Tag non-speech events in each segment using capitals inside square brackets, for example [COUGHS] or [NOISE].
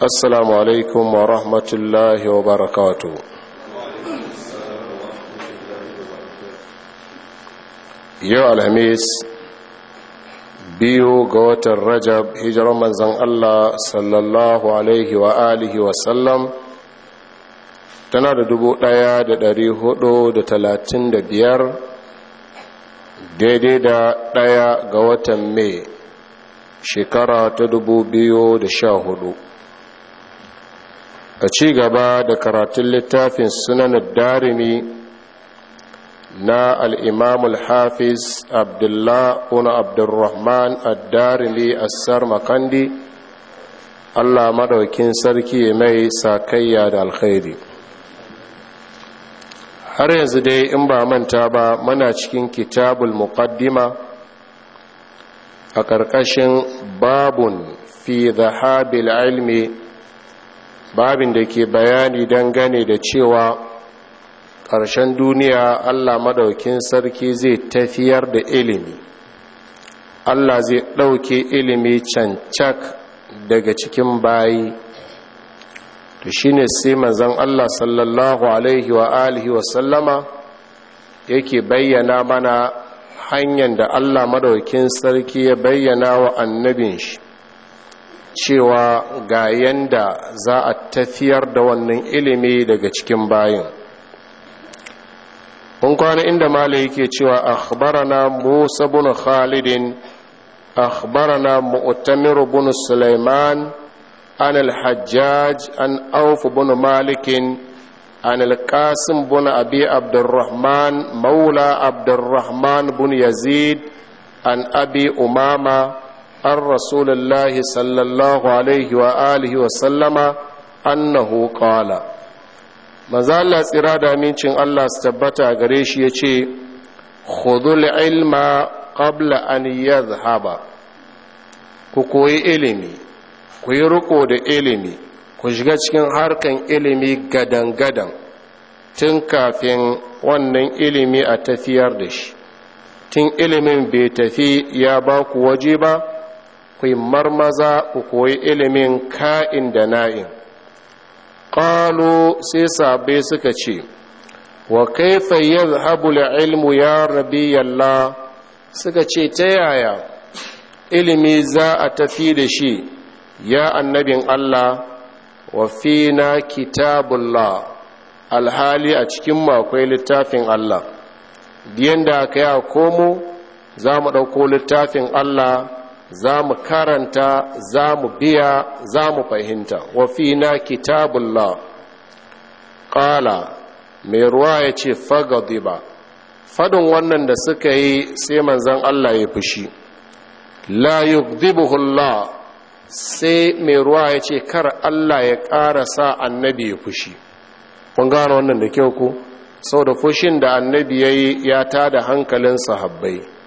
assalamu alaikum wa rahmatullahi wa barakatu yau alhamis biyu ga watan rajab hijiran manzan allah sallallahu alaihi wa alihi tana da dubu ɗaya da dari hudu da talatin da biyar daidai da ɗaya ga watan mai shekara ta dubu biyu da sha hudu a ci gaba da karatun littafin sunanar darimi na al'imamul hafiz Abdullahi una abdurrahman addarimi assar makandi allah maɗaukin sarki mai sakayya da alkhairi har yanzu dai in ba manta ba muna cikin kitabul muqaddima a ƙarƙashin babun fi zahabil ilmi babin da ke bayani dangane da cewa ƙarshen duniya allah madaukin sarki zai tafiyar da ilimi allah zai ɗauke ilimi cancak daga cikin bayi to shine sai manzon allah sallallahu alaihi wa alihi wa sallama yake bayyana mana hanyar da allah madaukin sarki ya bayyana wa annabin shi cewa ga yanda za a tafiyar da wannan ilimi daga cikin bayin mun kwana inda malai yake cewa akhbarana musa bin khalidin akhbarana mu'tamir bin sulaiman an al an auf bin malikin an alƙasin بن أبي abdurrahman Maula مولى عبد Yazid, an abi umama. an rasulullahi sallallahu alaihi wa alihi wa sallama annahu qala manzo Allah tsira da amincin Allah su tabbata gare shi yace khudhul ilma qabla an yadhhaba ku koyi ilimi ku yi riko da ilimi ku shiga cikin harkan ilimi gadan-gadan tun kafin wannan ilimi a tafiyar da shi tun ilimin bai tafi ya ba ku waje ba ku yi marmaza ku koyi ilimin ka'in da na'in Ƙalu sai sabai suka ce wa kaifa yadhhabu ilmu ya rabi suka ce ta yaya ilimi za a tafi da shi ya annabin Allah wa fina kitabullah alhali a cikin makwai littafin Allah biyan da aka yi a komo za mu ɗauko littafin Allah za mu karanta za mu biya za mu fahimta wafina kitabullah ƙala mai ruwa ya ce fagadiba fadin wannan da suka yi sai manzan Allah ya fushi la yugdibuhullah sai mai ruwa ya ce kar Allah ya ƙara sa annabi ya fushi kun gano wannan da kyau ku sau da fushin da annabi ya yi ya tada hankalin sahabbai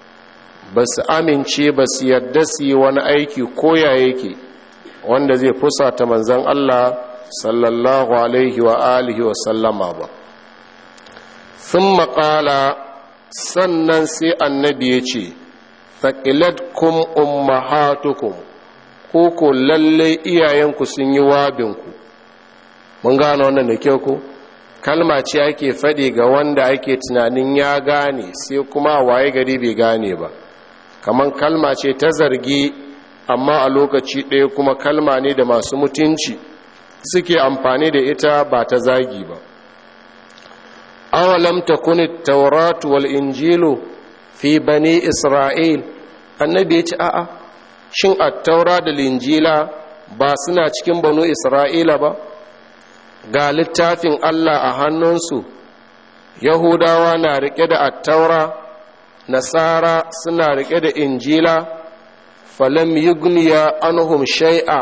ba su amince ba su yarda su yi wani aiki koya yake wanda zai fusata manzan Allah sallallahu alaihi wa alihi wa sallama ba sun maƙala sannan sai annabi ya ce faƙilatkum ummahatukum ko ko lalle iyayenku sun yi wabinku mun gane wannan da kyau ko kalma ce ake faɗi ga wanda ake tunanin ya gane sai kuma waye gari bai gane ba kamar kalma ce ta zargi amma a lokaci ɗaya kuma kalma ne da masu mutunci suke amfani da ita ba ta zagi ba awalam kuni tauratu wal injilu fi bani isra'il annabi ya ci a'a shin attaura da linjila ba suna cikin banu isra'ila ba ga littafin allah a hannunsu yahudawa na rike da attaura nasara suna rike da injila falam yugniya anhum shai'a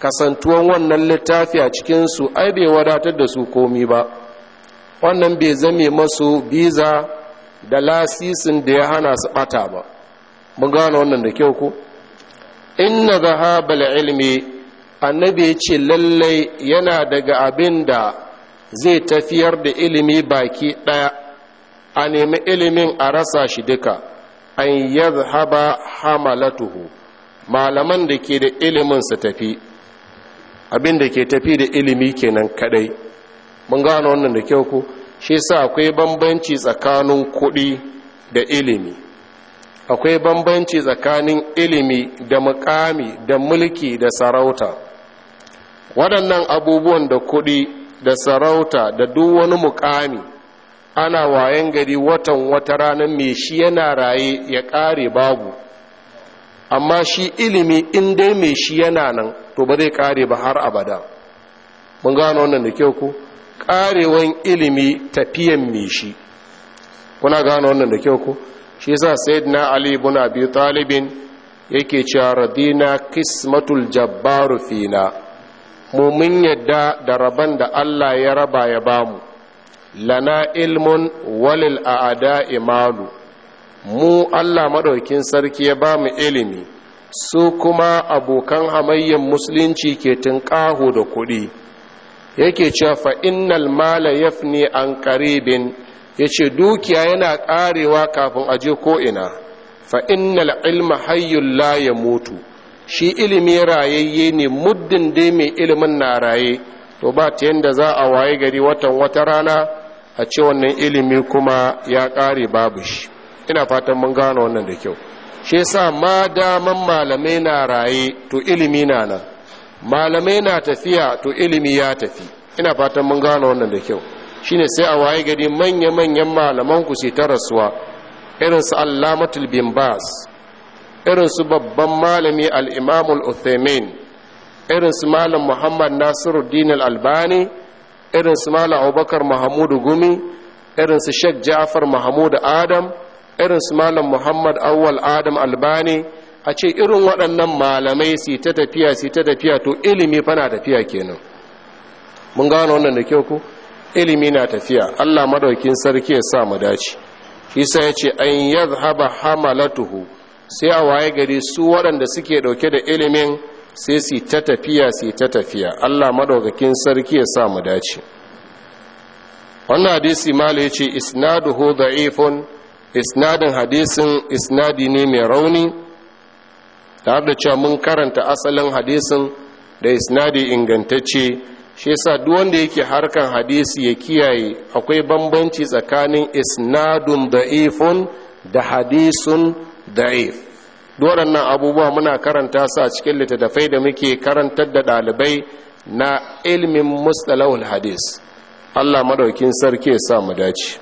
kasantuwan wannan littafi a cikinsu ai bai wadatar da su komi ba wannan bai zame masu biza da lasisin da ya hana su bata ba mun gane wannan da kyau ko inna zahabal ilmi annabi ya ce lallai yana daga abin da zai tafiyar da ilimi baki ɗaya a nemi ilimin a rasa shi duka an yadhaba hamalatuhu malaman da ke da ilimin su tafi abin da ke tafi da ilimi kenan kadai mun gano wannan da kyau ko shi sa akwai bambanci tsakanin kuɗi da ilimi akwai bambanci tsakanin ilimi da mukami da mulki da sarauta waɗannan abubuwan da kuɗi da sarauta da duk wani mukami ana wayan gari watan wata ranar mai shi yana raye ya ƙare babu amma shi ilimi in dai mai shi yana nan to ba zai ƙare ba har abada mun gano wannan da kyau ku ƙarewan ilimi tafiyan mai shi kuna gano wannan da kyau ku shi yasa sayyidina ali ibn abi talibin yake cewa radina kismatul jabbaru fina mu mun yadda da rabon da Allah ya raba ya bamu lana ilmun walil a'ada imalu mu Allah maɗaukin sarki ya ba mu ilimi su kuma abokan hamayyan musulunci ke tunƙaho da kuɗi yake cewa fa innal mala yafni an qaribin yace dukiya yana ƙarewa kafin a je ko ina fa innal ilma hayyul la yamutu shi ilimi rayayye ne muddin dai mai ilimin na raye to ba ta yanda za a waye gari watan wata rana a ce wannan ilimi kuma ya ƙare babu shi ina fatan mun gano wannan da kyau shi yasa ma daman malamai na raye to ilimi na nan malamai na tafiya to ilimi ya tafi ina fatan mun gano wannan da kyau shine sai a waye gari manya-manyan malaman ku sai ta rasuwa irin su allamatul bin bas irin su babban malami al-imamul irinsu irin su malam muhammad nasiruddin al-albani irin su mala abubakar mahamudu gumi irin su sheikh jafar mahamudu adam irin su malam muhammad awwal adam albani a ce irin waɗannan malamai su ta tafiya su ta tafiya to ilimi fa na tafiya kenan mun gano wannan da kyau ku ilimi na tafiya allah madaukin sarki ya sa mu dace shi ya ce an yadhhaba hamalatuhu sai a waye gari su waɗanda suke ɗauke da ilimin sai su ta tafiya su ta tafiya Allah madaukakin sarki ya sa mu dace wannan hadisi mala yace isnaduhu da'ifun isnadin hadisin isnadi ne mai rauni tare da cewa mun karanta asalin hadisin da isnadi ingantacce shi yasa duk wanda yake harkan hadisi ya kiyaye akwai bambanci tsakanin isnadun da'ifun da hadisun da'if waɗannan abubuwa muna karanta su a cikin littattafai da muke karantar da ɗalibai na ilmin mustalahul hadis Allah madaukin sarki ya sa mu dace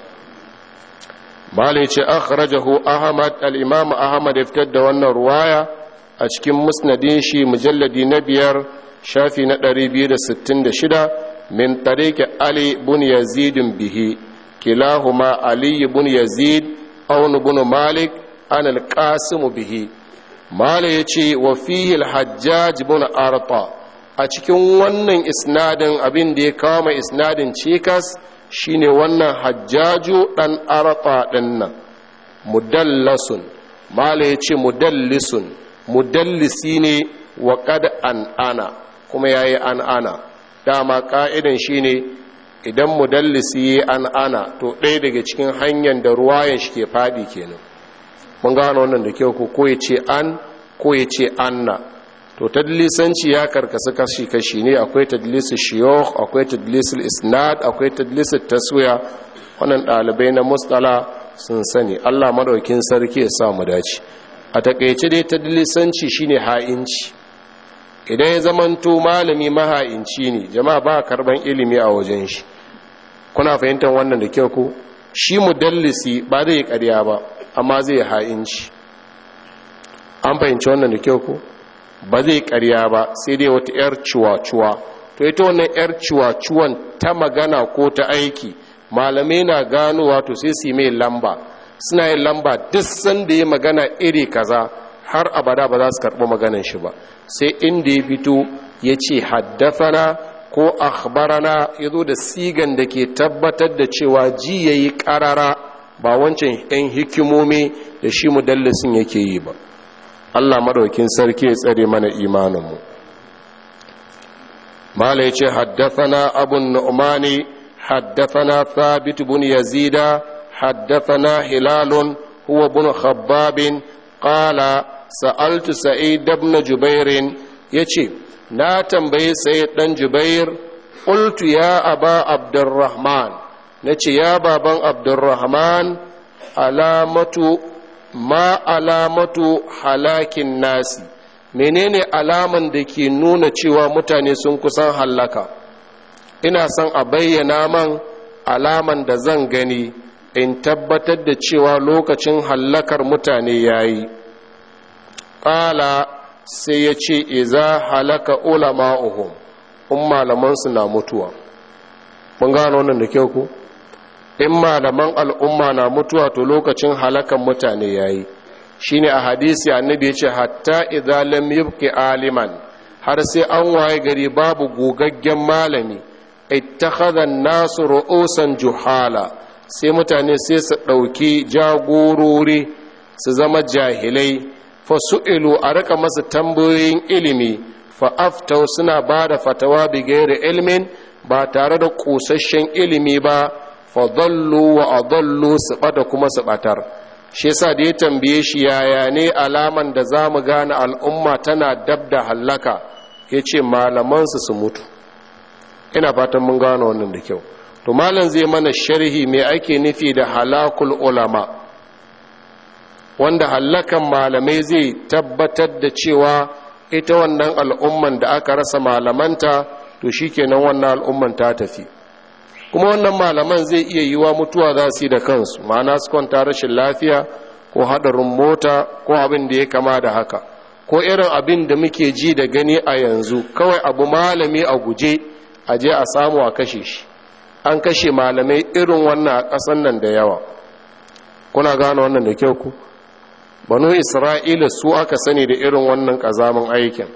malai ce akhrajahu ahmad al-imam ahmad fitar da wannan ruwaya a cikin musnadin shi mujalladi na biyar shafi na 266 min tariqi ali ibn yazid bihi kilahuma ali ibn yazid aw ibn malik an al-qasim bihi mala ya ce wa fihil hajjaj bin arta a cikin wannan isnadin abin da ya kama isnadin cikas shine wannan hajjaju dan arta din nan mudallasun mala ya ce mudallisun mudallisi ne wa kad an ana kuma yayi an ana dama ka'idan shine idan mudallisi an ana to ɗaya daga cikin hanyar da ruwa shi ke faɗi kenan mun gano wannan da kyau ko ko ya ce an ko ya ce anna to tadlisanci ya karkasu kashi kashi ne akwai tadlisul shiyukh akwai tadlisul isnad akwai tadlisul taswiya wannan dalibai na mustala sun sani Allah madaukin sarki ya sa mu dace a takeice dai tadlisanci shine ha'inci idan ya zamanto malami maha'inci ne jama'a ba karban ilimi a wajen shi kuna fahimtar wannan da kyau ko shi mudallisi ba zai yi ƙarya ba amma zai ha'inci an fahimci wannan da kyau ko ba zai karya ba sai dai wata 'yar ciwa-ciwa to ita wannan 'yar ciwa-ciwon ta magana ko ta aiki malamai na ganowa to sai su mai lamba suna yin lamba duk sanda ya magana iri kaza har abada ba za su karɓi maganan shi ba sai inda ya fito ya ce haddafana ko akhbarana ya zo da sigan da ke tabbatar da cewa ji ya yi ƙarara ba wancan yan hikimomi da shi mudallisin yake yi ba Allah madaukin sarki ya tsare mana imaninmu mala ya ce haddathana abun nu'mani haddathana thabit bin yazida haddathana hilalun huwa bin khabbabin qala sa'altu sa'id ibn jubair yace na tambaye sai ɗan jubair qultu ya aba abdurrahman na ce ya baban abdurrahman alamatu ma alamatu halakin nasi menene alaman da ke nuna cewa mutane sun kusan hallaka ina son a bayyana man alaman da zan gani in tabbatar da cewa lokacin hallakar mutane ya yi ƙala sai ya ce iza halaka ulama'uhum in malamansu na mutuwa mun gano wannan da kyau ku in malaman al'umma na mutuwa to lokacin halakan mutane yayi shine a hadisi annabi ce, hatta idza lam aliman har sai an waye gari babu gogaggen malami ita nasu ru'usan juhala sai mutane sai su ɗauki jagorori su zama jahilai fa fasu'ilu a rika masa tambayoyin ilimi fa aftau suna ba da fatawa bigayar ilmin ba tare da ƙosasshen ilimi ba fadallu wa adallu su bada kuma su batar shi yasa da ya tambaye shi yaya ne alaman da za mu gane al'umma tana dab da hallaka ya ce malamansu su mutu ina fatan mun gane wannan da kyau to malam zai mana sharhi mai ake nufi da halakul ulama wanda hallakan malamai zai tabbatar da cewa ita wannan al'umman da aka rasa malamanta to shi shikenan wannan al'umman ta tafi kuma wannan malaman zai iya yi wa mutuwa za su yi da kansu ma'ana su kwanta rashin lafiya ko haɗarin mota ko abin da ya kama da haka ko irin abin da muke ji da gani a yanzu kawai abu malami a guje a je a samu a kashe shi an kashe malamai irin wannan a ƙasan nan da yawa kuna gane wannan da kyau ku banu isra'ila su aka sani da irin wannan ƙazamin aikin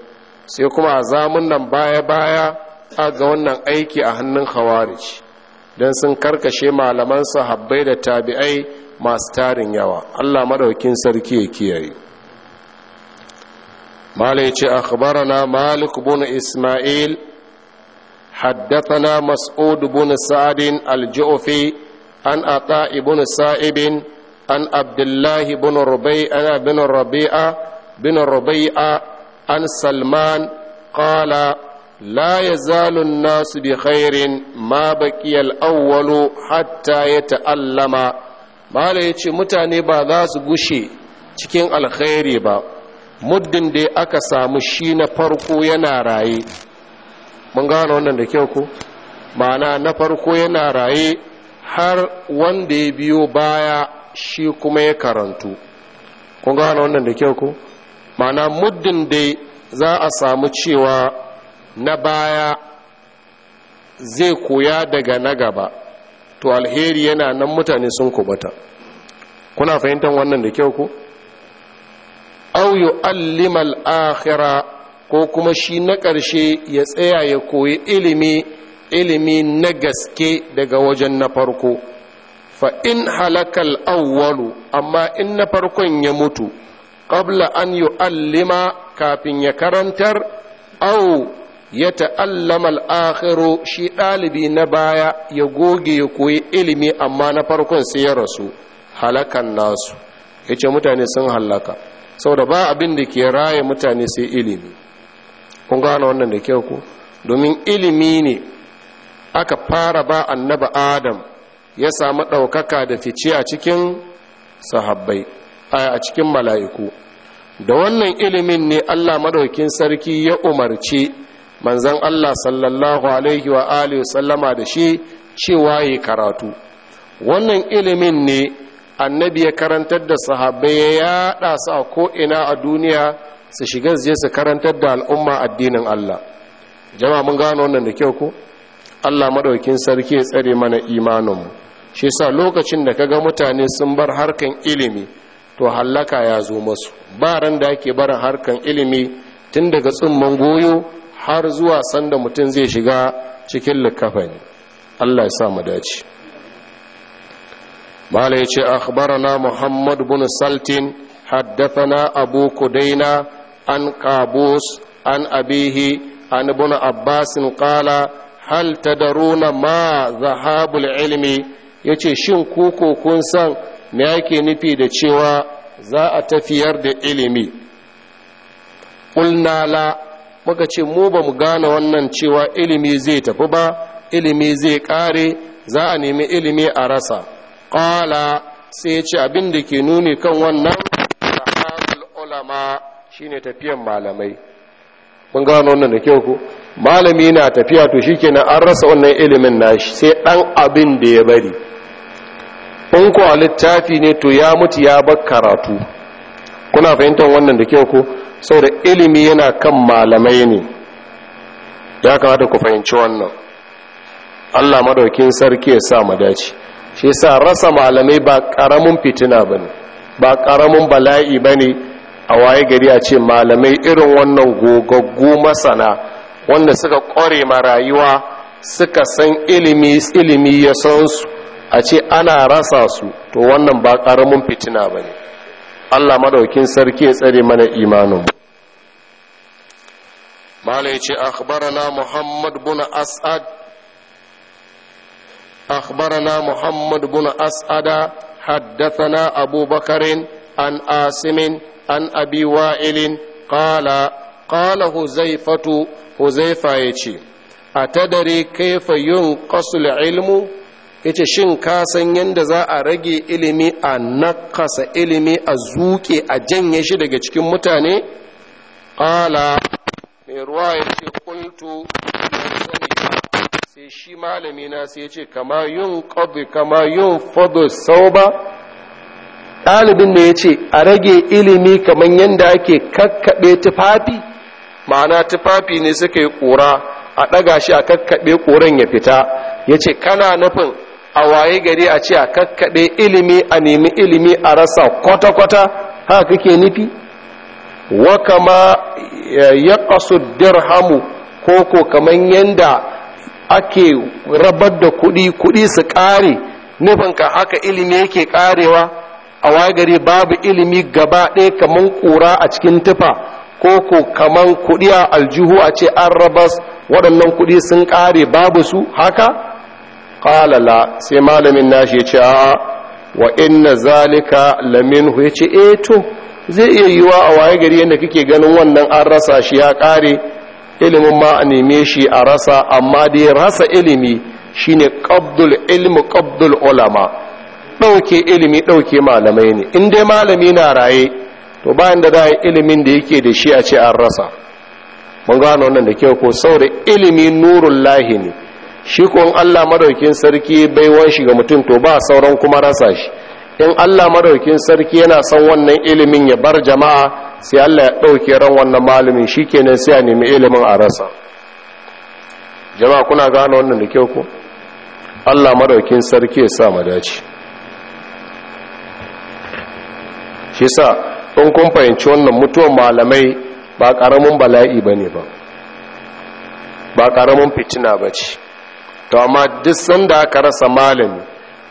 sai kuma a zamun nan baya-baya a ga wannan aiki a hannun khawarij don sun karkashe malaman sahabbai da tabi'ai masu tarin yawa allah maɗaukin sarki ya kiyaye malai ce na malik bin isma'il haddathana mas'ud bin sa'adin al-ju'fi an ata ibn sa'ibin an abdullahi bin Ana bin rabi'a bin Rubai'a, an salman qala la يزال الناس nasu ما بقي ma حتى awwalu hatta ya ta'allama mala ya ce mutane ba za su gushe cikin alkhairi ba muddin da aka samu shi na farko yana raye mun gano wannan da kyau ko ma'ana na farko yana raye har wanda ya biyo baya shi kuma ya karantu kun gano wannan da kyau ko ma'ana muddin dai za a samu cewa na baya zai koya daga na gaba to alheri yana nan mutane sun kubata kuna fahimtar wannan da kyau ko au yu'allima al-akhira ko kuma shi na ƙarshe ya tsaya ya koyi ilimi ilimi na gaske daga wajen na farko fa in halakal awwalu amma in na farkon ya mutu ƙabla an yu'allima kafin ya karantar au ya ta'allama al'akhiru shi ɗalibi na baya ya goge ya koyi ilimi amma na farkon sai ya rasu halakan nasu ya ce mutane sun halaka sau da ba abin da ke raye mutane sai ilimi kun gane wannan da kyau ku domin ilimi ne aka fara ba annaba adam ya samu ɗaukaka da fice a cikin sahabbai a cikin mala'iku da wannan ilimin ne allah madaukin sarki ya umarci manzan Allah sallallahu alaihi wa alihi sallama da shi cewa yi karatu wannan ilimin ne annabi ya karantar da sahabbai ya yada su a ko'ina a duniya su shiga zai su karantar da al'umma addinin Allah jama mun gano wannan da kyau ko Allah maɗaukin sarki ya tsare mana imaninmu shi sa lokacin da kaga mutane sun bar harkan ilimi to hallaka ya zo masu ba ran da ake barin harkan ilimi tun daga tsumman goyo har zuwa sanda mutum zai shiga cikin likafani Allah ya sa mu dace mala ya ce akhbarana muhammad bin saltin haddathana abu kudaina an qabus an abihi an ibn abbas qala hal tadaruna ma zahabul ilmi yace shin ku kun san me yake nufi da cewa za a tafiyar da ilimi qulna la muka ce mu ba mu gane wannan cewa ilimi zai tafi ba ilimi zai kare za a nemi ilimi a rasa ƙala sai ce abin da ke nuni kan wannan ulama shine tafiyan malamai mun gano wannan da kyau ko malami na tafiya to shi shikenan an rasa wannan ilimin nashi sai ɗan abin da ya bari in ko littafi ne to ya mutu ya bar karatu kuna fahimtar wannan da kyau ko saboda ilimi yana kan malamai ne ya kamata ku fahimci wannan Allah madaukin sarki ya sa mu dace shi yasa rasa malamai ba karamin fitina bane ba karamin bala'i bane a waye gari a ce malamai irin wannan gogaggu masana wanda suka kware ma rayuwa suka san ilimi ilimi ya san su a ce ana rasa su to wannan ba karamin fitina bane Allah madaukin sarki ya tsare mana imanin malai ce akhbarana muhammad bin as'ad akhbarana muhammad bin as'ada haddathana abubakarin an asimin an abi wa'ilin qala qala huzaifatu huzaifa yace atadari kayfa yunqasul ilmu Yace shin ka san yadda za a rage ilimi a nakasa ilimi a zuke a janye shi daga cikin mutane ƙala mai ruwa ya ce kultu sai shi malami sai ya ce kama yun ƙabi kama yun fado sau ba ɗalibin da ya ce a rage ilimi kamar yadda ake kakkaɓe tufafi ma'ana tufafi ne suka yi ƙura a ɗaga shi a kakkaɓe ƙuran ya fita ya ce kana nufin a waye gari a ce a kakkaɓe ilimi a nemi ilimi a rasa kwata-kwata haka kake nufi wa kama ya kasu dirhamu ko ko kamar yanda ake rabar da kuɗi kuɗi su ƙare nufinka haka ilimi yake ƙarewa a waye gari babu ilimi gaba ɗaya kamar ƙura a cikin tufa ko ko kaman kuɗi a aljihu a ce an rabas waɗannan kuɗi sun ƙare babu su haka ƙalala sai malamin nashi ya ce a wa inna zalika laminu ya ce e to zai iya yiwa a waye gari yadda kake ganin wannan an rasa shi ya kare ilimin ma a neme shi a rasa amma dai rasa ilimi shine qabdul ilmu qabdul ulama ɗauke ilimi ɗauke malamai ne in dai malami na raye to bayan da za ilimin da yake da shi a ce an rasa mun gano wannan da kyau ko saboda ilimi nurullahi lahi ne shi ko Allah madaukin sarki baiwan shi ga mutum to ba sauran kuma rasa shi in Allah madaukin sarki yana son wannan ilimin ya bar jama'a sai Allah ya dauke ran wannan malamin shikenan sai a nemi ilimin a rasa jama'a kuna gane wannan da kyau ko Allah madaukin sarki ya sa mu dace shi sa in kun fahimci wannan mutuwan malamai ba karamin bala'i bane ba ba karamin fitina bace to amma duk sanda aka rasa malami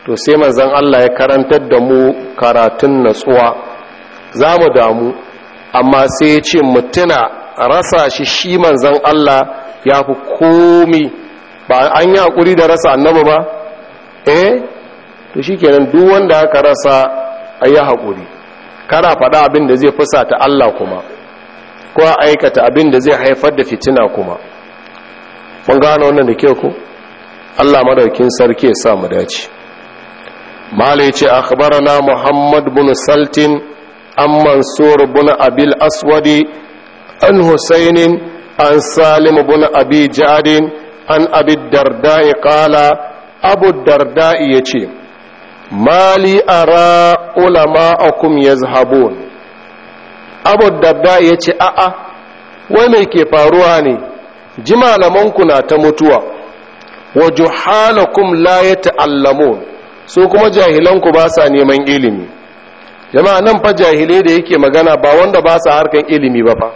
to sai manzon Allah ya karantar da mu karatun natsuwa za mu damu amma sai ya ce mutuna rasa shi shi manzon Allah ya fi komi ba an yi hakuri da rasa annabi ba eh to shikenan duk wanda aka rasa yi hakuri kana faɗa abin da zai fusata Allah kuma ko aikata abin da zai haifar da fitina kuma mun gano wannan da ke ku? Allah madaukin sarki ya sa mu dace mala yace akhbarana muhammad bin saltin an mansur bin abil aswadi an husainin an salim bin abi jadin an abi darda'i qala abu darda'i yace mali ara akum yazhabun abu darda'i yace a'a wai me ke faruwa ne ji malamanku na ta mutuwa wa juhalakum la yata'allamun su kuma jahilanku ba sa neman ilimi jama'a nan fa jahilai da yake magana ba wanda ba sa harkan ilimi ba fa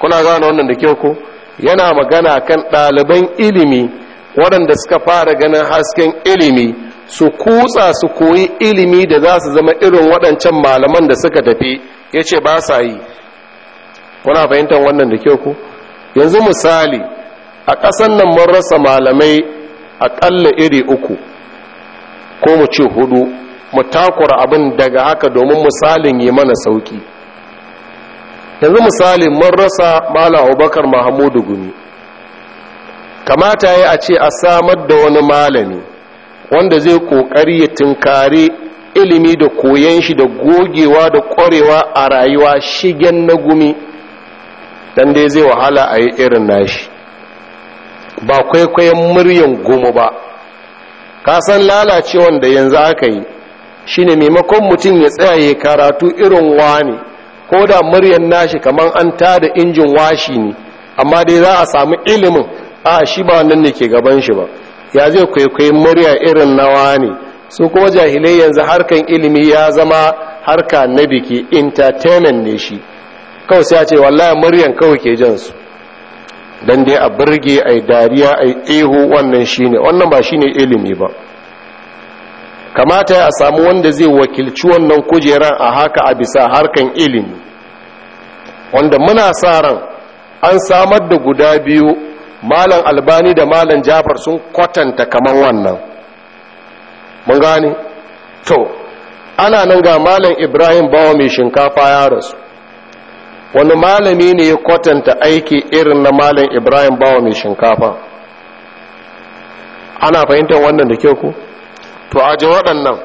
kuna gane wannan da kyau ko yana magana kan ɗaliban ilimi waɗanda suka fara ganin hasken ilimi su kutsa su koyi ilimi da za su zama irin waɗancan malaman da suka tafi ya ce ba sa yi kuna fahimtar wannan da kyau ko yanzu misali a ƙasan nan mun rasa malamai aƙalla iri uku ko mu ce hudu mu takura abin daga haka domin misalin yi mana sauki yanzu misalin mun rasa malam abubakar mahamudu gumi kamata ya a ce a samar da wani malami wanda zai ƙoƙari ya tunkari ilimi da koyon shi da gogewa da ƙwarewa a rayuwa shigen na gumi dan dai zai wahala a yi irin nashi ba kwaikwayon muryan goma ba ka san lalacewan da yanzu aka yi shine maimakon mutum ya tsaye karatu irin wani ko da muryan nashi kamar an tada injin washi ne amma dai za a samu ilimin a shi ba wannan ne ke gaban shi ba ya zai kwaikwayon murya irin na ne? su kuma jahilai yanzu harkan ilimi ya zama harka na biki entertainment ne shi kawai sai a ce wallahi muryan kawai ke jansu don dai a birge a dariya a ihu wannan shine wannan ba shine ilimi ba kamata ya samu wanda zai wakilci wannan kujeran a haka a bisa harkan ilimi wanda muna sa ran an samar da guda biyu malam albani da malam jafar sun kwatanta kaman wannan mun gane to ana nan ga malam ibrahim bawa mai shinkafa ya rasu wani malami ne ya kwatanta aiki irin na malam ibrahim bawa mai shinkafa ana fahimtar wannan da kyau ku to a ji waɗannan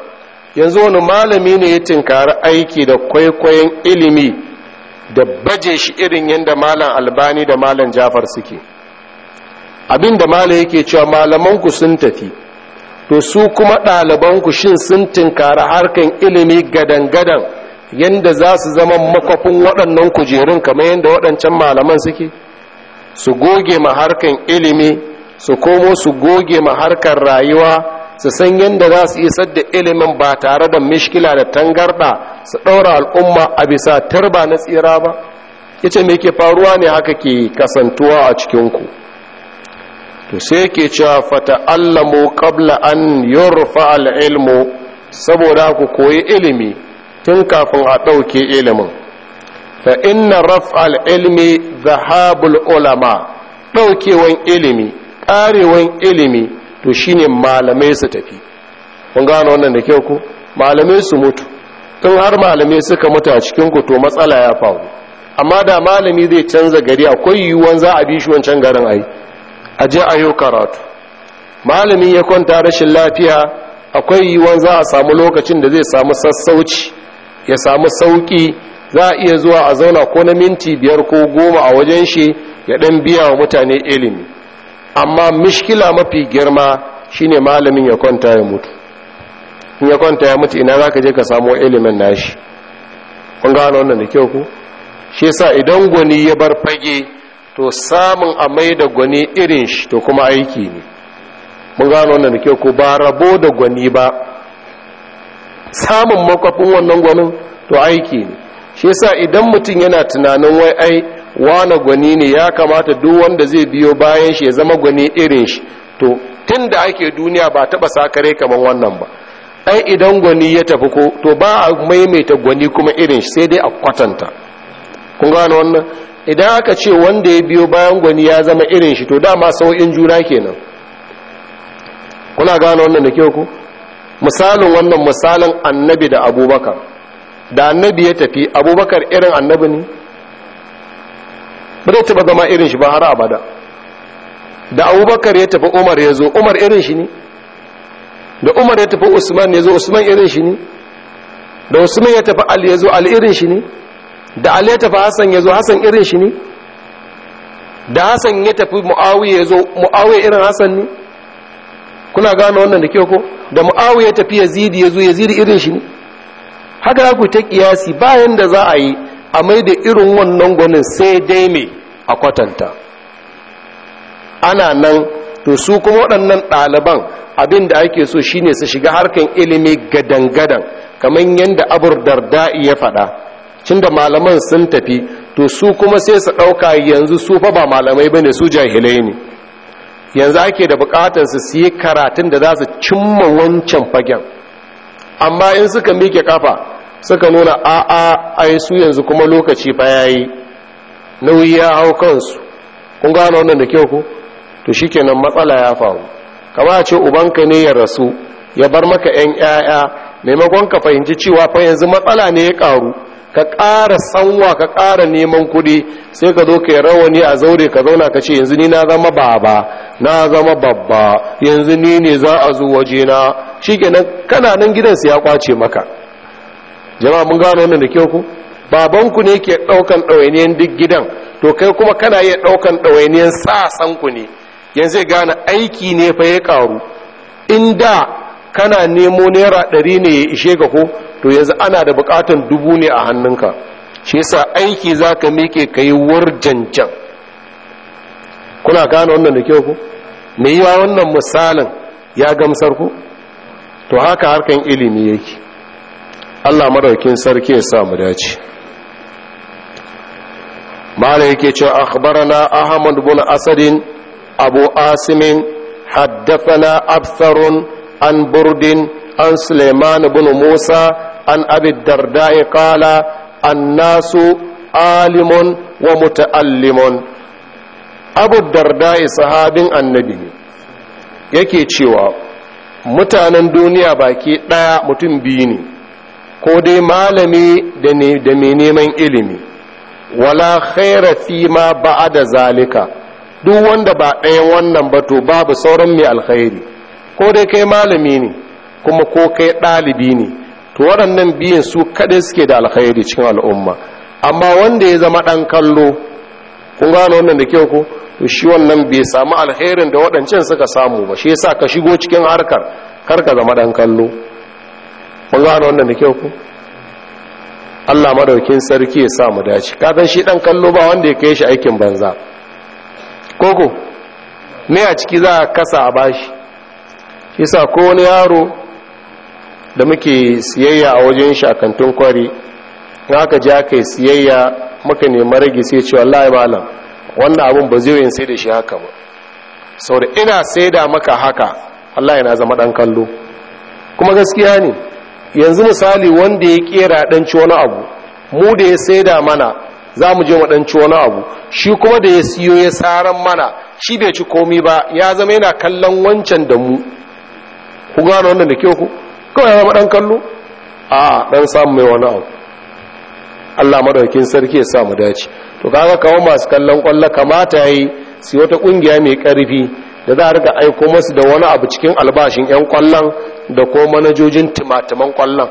yanzu wani malami ne ya tinkari aiki da kwaikwayon ilimi da baje shi irin yadda malam albani da malam jafar suke abin da malam yake cewa malamanku sun tafi to su kuma ɗalibanku shin sun tinkari harkan ilimi gadan-gadan yadda za su zama makwafin waɗannan kujerun kamar yadda waɗancan malaman suke su goge ma harkan ilimi su komo su goge ma harkar rayuwa su san yadda za su isar sadda ilimin ba tare da mishkila da tangarɗa su ɗaura al'umma a bisa turba na tsira ba ce me ke faruwa ne haka ke kasantuwa a cikinku to sai ke cewa allamu kabla an yurfa al saboda ku koyi ilimi tun kafin a ɗauke ilimin fa inna raf'al ilmi zahabul ulama ɗaukewan ilimi ƙarewan ilimi to shine malamai su tafi kun gano wannan da kyau ku malamai su mutu tun har malamai suka mutu a cikin ku to matsala ya faru amma da malami zai canza gari akwai yiwuwan za a bi shi wancan garin ai a je a karatu malami ya kwanta rashin lafiya akwai yiwuwan za a samu lokacin da zai samu sassauci ya samu sauƙi za a iya zuwa a zauna ko na minti biyar ko goma a wajen shi ya ɗan biya wa mutane ilimi amma mishkila mafi girma shine malamin ya kwanta ya mutu in ya kwanta ya mutu ina za ka je ka samu ilimin nashi kun gano wannan da kyau ku shi yasa idan gwani ya bar fage to samun a mai da gwani irin shi to kuma aiki ne mun gano wannan da kyau ku ba rabo da gwani ba samun makwafin wannan gwanin to aiki ne shi yasa idan mutum yana tunanin wai ai wane gwani ne ya kamata duk wanda zai biyo bayan shi ya zama gwani irin shi to tun da ake duniya ba taɓa sakare kamar wannan ba ai idan gwani ya tafi ko to ba a maimaita gwani kuma irin shi sai dai a kwatanta kun gane wannan idan aka ce wanda ya biyo bayan gwani ya zama irin shi to dama sau'in juna kenan kuna gane wannan da kyau ku misalin wannan misalin annabi da abubakar da annabi ya tafi abubakar irin annabi ne ba zai taba zama irin shi ba har abada da abubakar ya tafi umar ya zo umar irin shi ne da umar ya tafi usman ya zo usman irin shi ne da usman ya tafi ali ya zo ali irin shi ne da ali ya tafi hassan ya zo hassan irin shi ne da hassan ya tafi mu'awiyar ya zo mu'awiyar irin hassan ne kuna gano wannan da kyau ko da mu'awiya ya tafi yazidi ya zo yazidi irin shi ne haka za ku ta kiyasi bayan da za a yi a mai da irin wannan gwanin sai dai me a kwatanta ana nan to su kuma waɗannan ɗaliban abin da ake so shine su shiga harkan ilimi gadan-gadan kamar yadda abur darda'i ya faɗa cin da malaman sun tafi to su kuma sai su ɗauka yanzu su fa ba malamai bane su jahilai ne yanzu ake da bukatar su siye karatun da za su cimma wancan fagen amma in suka mike kafa suka nuna a'a ai su yanzu kuma lokaci fa yi. nauyi ya hau kansu kun gano wannan da kyau ku? to shi kenan matsala ya faru Kama ce ubanka ne ya rasu ya bar maka yan yaya maimakon ka fahimci cewa fa yanzu matsala ne ya ƙaru. ka ƙara sanwa ka ƙara neman kuɗi sai ka zo ka yi rawani a zaure ka zauna ka ce yanzu ni na zama baba na zama babba yanzu ni ne za a zo wajena shi kenan kana nan gidansu ya kwace maka jama'a mun gano wannan da kyau ku babanku ne ke ɗaukan ɗawainiyar duk gidan to kai kuma kana iya ɗaukan ɗawainiyar sasanku ne yanzu ya gane aiki ne fa ya ƙaru in da kana nemo naira ɗari ne ya ishe ka ko to yanzu ana da bukatan dubu ne a hannunka shi yasa aiki za ka miƙe ka yi warjancan kuna gane wannan da kyau ku me yi wa wannan misalin ya gamsar ku to haka harkan ilimi yake allah maraukin sarki ya sa mu dace mala yake ce akhbarana ahmad bin asadin abu asimin haddafana absarun an burdin an suleiman bin musa an abi darda'i an nasu alimun wa muta'allimun abu darda'i sahabin annabi yake cewa mutanen duniya baki ɗaya mutum biyu ne ko dai malami da mai neman ilimi wala khaira fi ma ba'a da zalika duk wanda ba ɗayan wannan ba to babu sauran mai alkhairi ko dai kai malami ne kuma ko kai ɗalibi ne to waɗannan biyan su kaɗai suke da alkhairi cikin al'umma amma wanda ya zama ɗan kallo kun gano wannan da kyau ko to shi wannan bai samu alherin da waɗancan suka samu ba shi yasa ka shigo cikin harkar kar ka zama ɗan kallo kun gano wannan da kyau ko Allah madaukin sarki ya sa mu dace san shi ɗan kallo ba wanda ya kai shi aikin banza koko me a ciki za a kasa a bashi yasa ko wani yaro da muke siyayya a wajen shi a kantin kwari in aka ji aka yi siyayya maka ne maragi sai ce wallahi malam wannan abun ba zai yin sai da shi haka ba sau da ina sai da maka haka Allah yana zama ɗan kallo kuma gaskiya ne yanzu misali wanda ya kera ɗanci wani abu mu da ya sai da mana za mu je maɗanci wani abu shi kuma da ya siyo ya saran mana shi bai ci komi ba ya zama yana kallon wancan da mu ku gane wannan da kyau ku kawai zama dan kallo a dan samu mai wani abu Allah madaukin sarki ya samu dace to kaga kawo masu kallon kwallo kamata yayi su wata ƙungiya mai karfi da za a riga aiko masu da wani abu cikin albashin yan kwallon da ko manajojin timatiman kwallon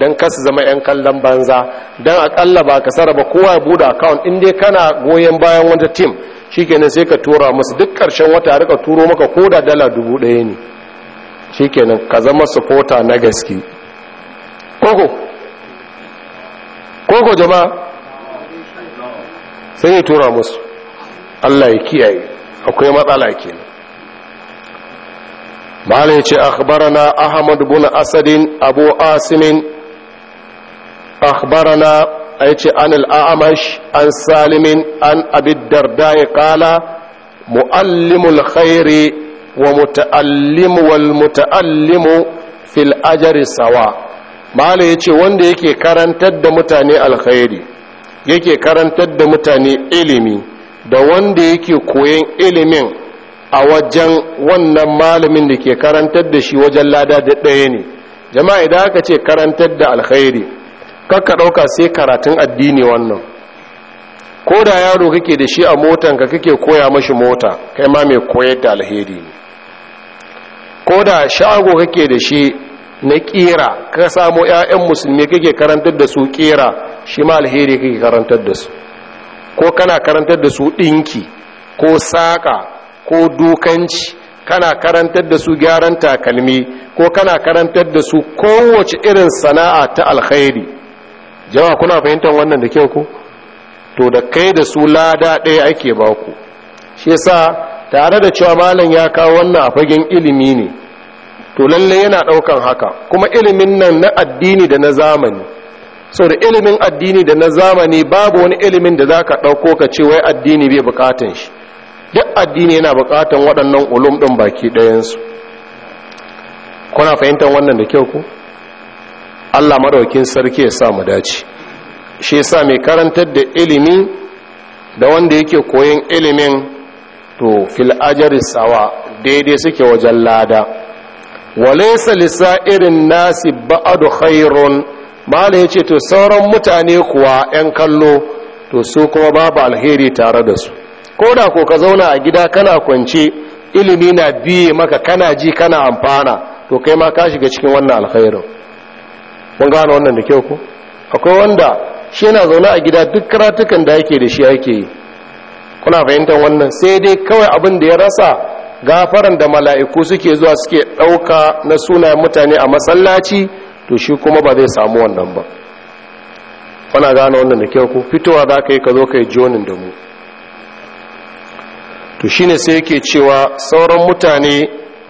don kasu zama 'yan kallon banza don akalla ba ka saraba kowa ya buɗe account in dai kana goyon bayan wata tim shi shikenan sai ka tura masu duk ƙarshen wata rika turo maka koda dala dubu ɗaya ne shikenan ka zama supporter na gaske koko koko jama'a sai ya tura musu Allah ya kiyaye akwai matsala kenan mala ya ce akhbarana ahmad bin asadin abu asimin a ya ce an al'amash an salimin an abid darda ya kala mu'allimul khairi wa والمتعلم في muta'allimu fil ajri sawa mala yace wanda yake karantar da mutane alkhairi yake karantar da mutane ilimi da wanda yake koyan ilimin a wajen wannan malamin da ke karantar da shi wajen lada da ɗaya ne jama'a idan aka ce karantar da alkhairi kakka ɗauka sai karatun addini wannan ko da yaro kake da shi a motanka kake koya mashi mota kai ma mai koyar da alheri ne ko da shago kake da shi na kera ka samu 'ya'yan musulmi kake karantar da su kera shi ma alheri kake karantar da su ko kana karantar da su ɗinki ko saƙa ko dukanci kana karantar da su gyaran takalmi ko kana karantar da su kowace irin sana'a ta alkhairi jama'a kuna fahimtar wannan da kyau ko to da kai da su lada ɗaya ake baku shi yasa tare da cewa malam ya kawo wannan a fagen ilimi ne to lalle yana daukan haka kuma ilimin nan na addini da na zamani so da ilimin addini da na zamani babu wani ilimin da zaka dauko ka ce wai addini bai bukatun shi duk addini yana bukatan waɗannan ulum din baki ɗayan su kuna fahimtar wannan da kyau ku Allah madaukin sarki ya sa mu dace shi yasa mai karantar da ilimi da wanda yake koyon ilimin to fil ajari sawa daidai suke wajen lada walaysa lisairin nasi ba'adu khairun mala yace to sauran mutane kuwa yan kallo to su kuma babu alheri tare da su koda ko ka zauna a gida kana kwance ilimi na biye maka kana ji kana amfana to kai ma ka shiga cikin wannan alkhairin mun gane wannan da kyau ko akwai wanda shi yana zaune a gida duk karatukan da yake da shi yake yi kuna fahimtar wannan sai dai kawai abin da ya rasa gafaran da mala'iku suke zuwa suke ɗauka na sunayen mutane a masallaci to shi kuma ba zai samu wannan ba kuna gane wannan da kyau ku fitowa za ka yi ka zo ka yi jonin da mu to shi ne sai yake cewa sauran mutane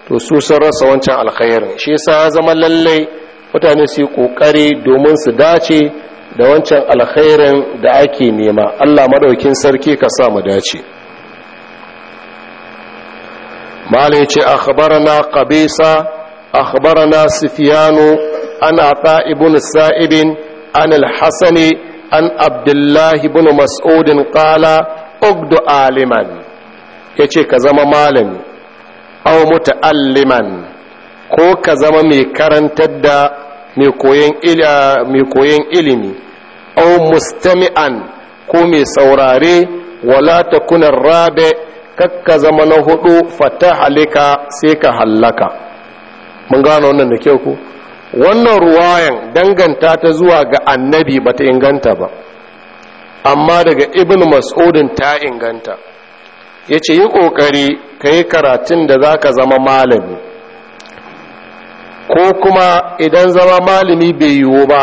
to su sun rasa wancan alkhairin shi yasa ya zama lallai mutane su yi ƙoƙari domin su dace da wancan alkhairin da ake nema Allah maɗaukin sarki ka sa mu dace mala ce akhbarana qabisa akhbarana sifyanu an ata ibn Sa'ibin, an al-hasan an abdullah ibn mas'ud qala ugdu aliman yace ka zama malami aw muta'alliman ko ka zama mai karantar da mai koyon ilimi au mustami'an ko mai saurare wala ta rabe kakka zama na hudu fata halika sai ka hallaka mun gano wannan da kyau ku wannan ruwayan danganta ta zuwa ga annabi bata inganta ba amma daga ibn mas'udin ta inganta ya ce yi ƙoƙari ka yi karatun da za ka zama malami ko kuma idan zama malami bai yiwu ba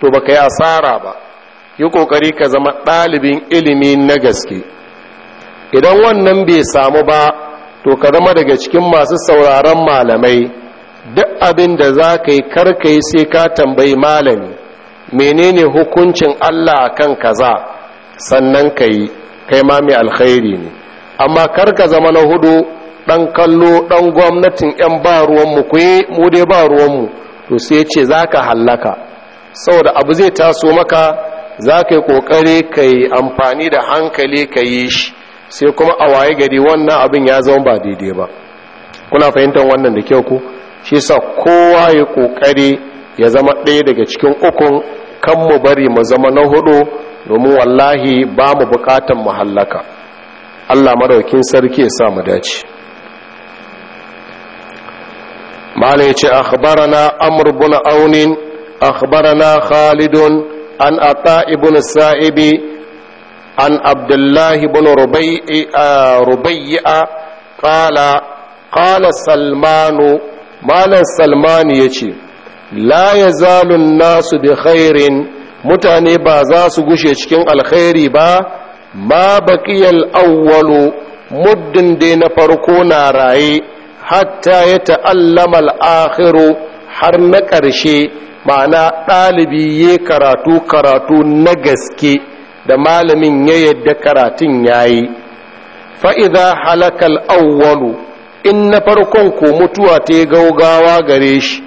to baka yi asara ba yi kokari ka zama ɗalibin ilimi na gaske idan wannan bai samu ba to ka zama daga cikin masu sauraron malamai duk abin da za ka yi karkai sai ka tambayi malami menene hukuncin allah kan kaza sannan ka yi kai ma mai alkhairi ne amma karka zama na hudu ɗan kallo ɗan gwamnatin 'yan ba ruwanmu ku yi mu dai ba ruwanmu to sai ya ce za ka hallaka saboda abu zai taso maka za ka yi ƙoƙari ka yi amfani da hankali ka yi shi sai kuma a waye gari wannan abin ya zama ba daidai ba kuna fahimtar wannan da kyau ku shi sa kowa ya ƙoƙari ya zama ɗaya daga cikin ukun kan mu bari mu zama na hudu domin wallahi ba mu buƙatar mu hallaka Allah maraukin sarki ya sa mu dace mala ya ce akhbarana amr bin aunin akhbarana khalidun an ata ibn sa'ibi an abdullahi bin rubai'a qala qala salmanu malam salman ya ce la ya zalun nasu bi khairin mutane ba za su gushe cikin alkhairi ba ma baƙiyar awwalu muddin dai na farko na raye hatta ya ta'allama al'akhiru har na ƙarshe ma'ana ɗalibi ya karatu karatu na gaske da malamin ya yadda karatun ya yi fa'iza halakal awwalu in na farkon ko mutuwa ta yi gaugawa gare shi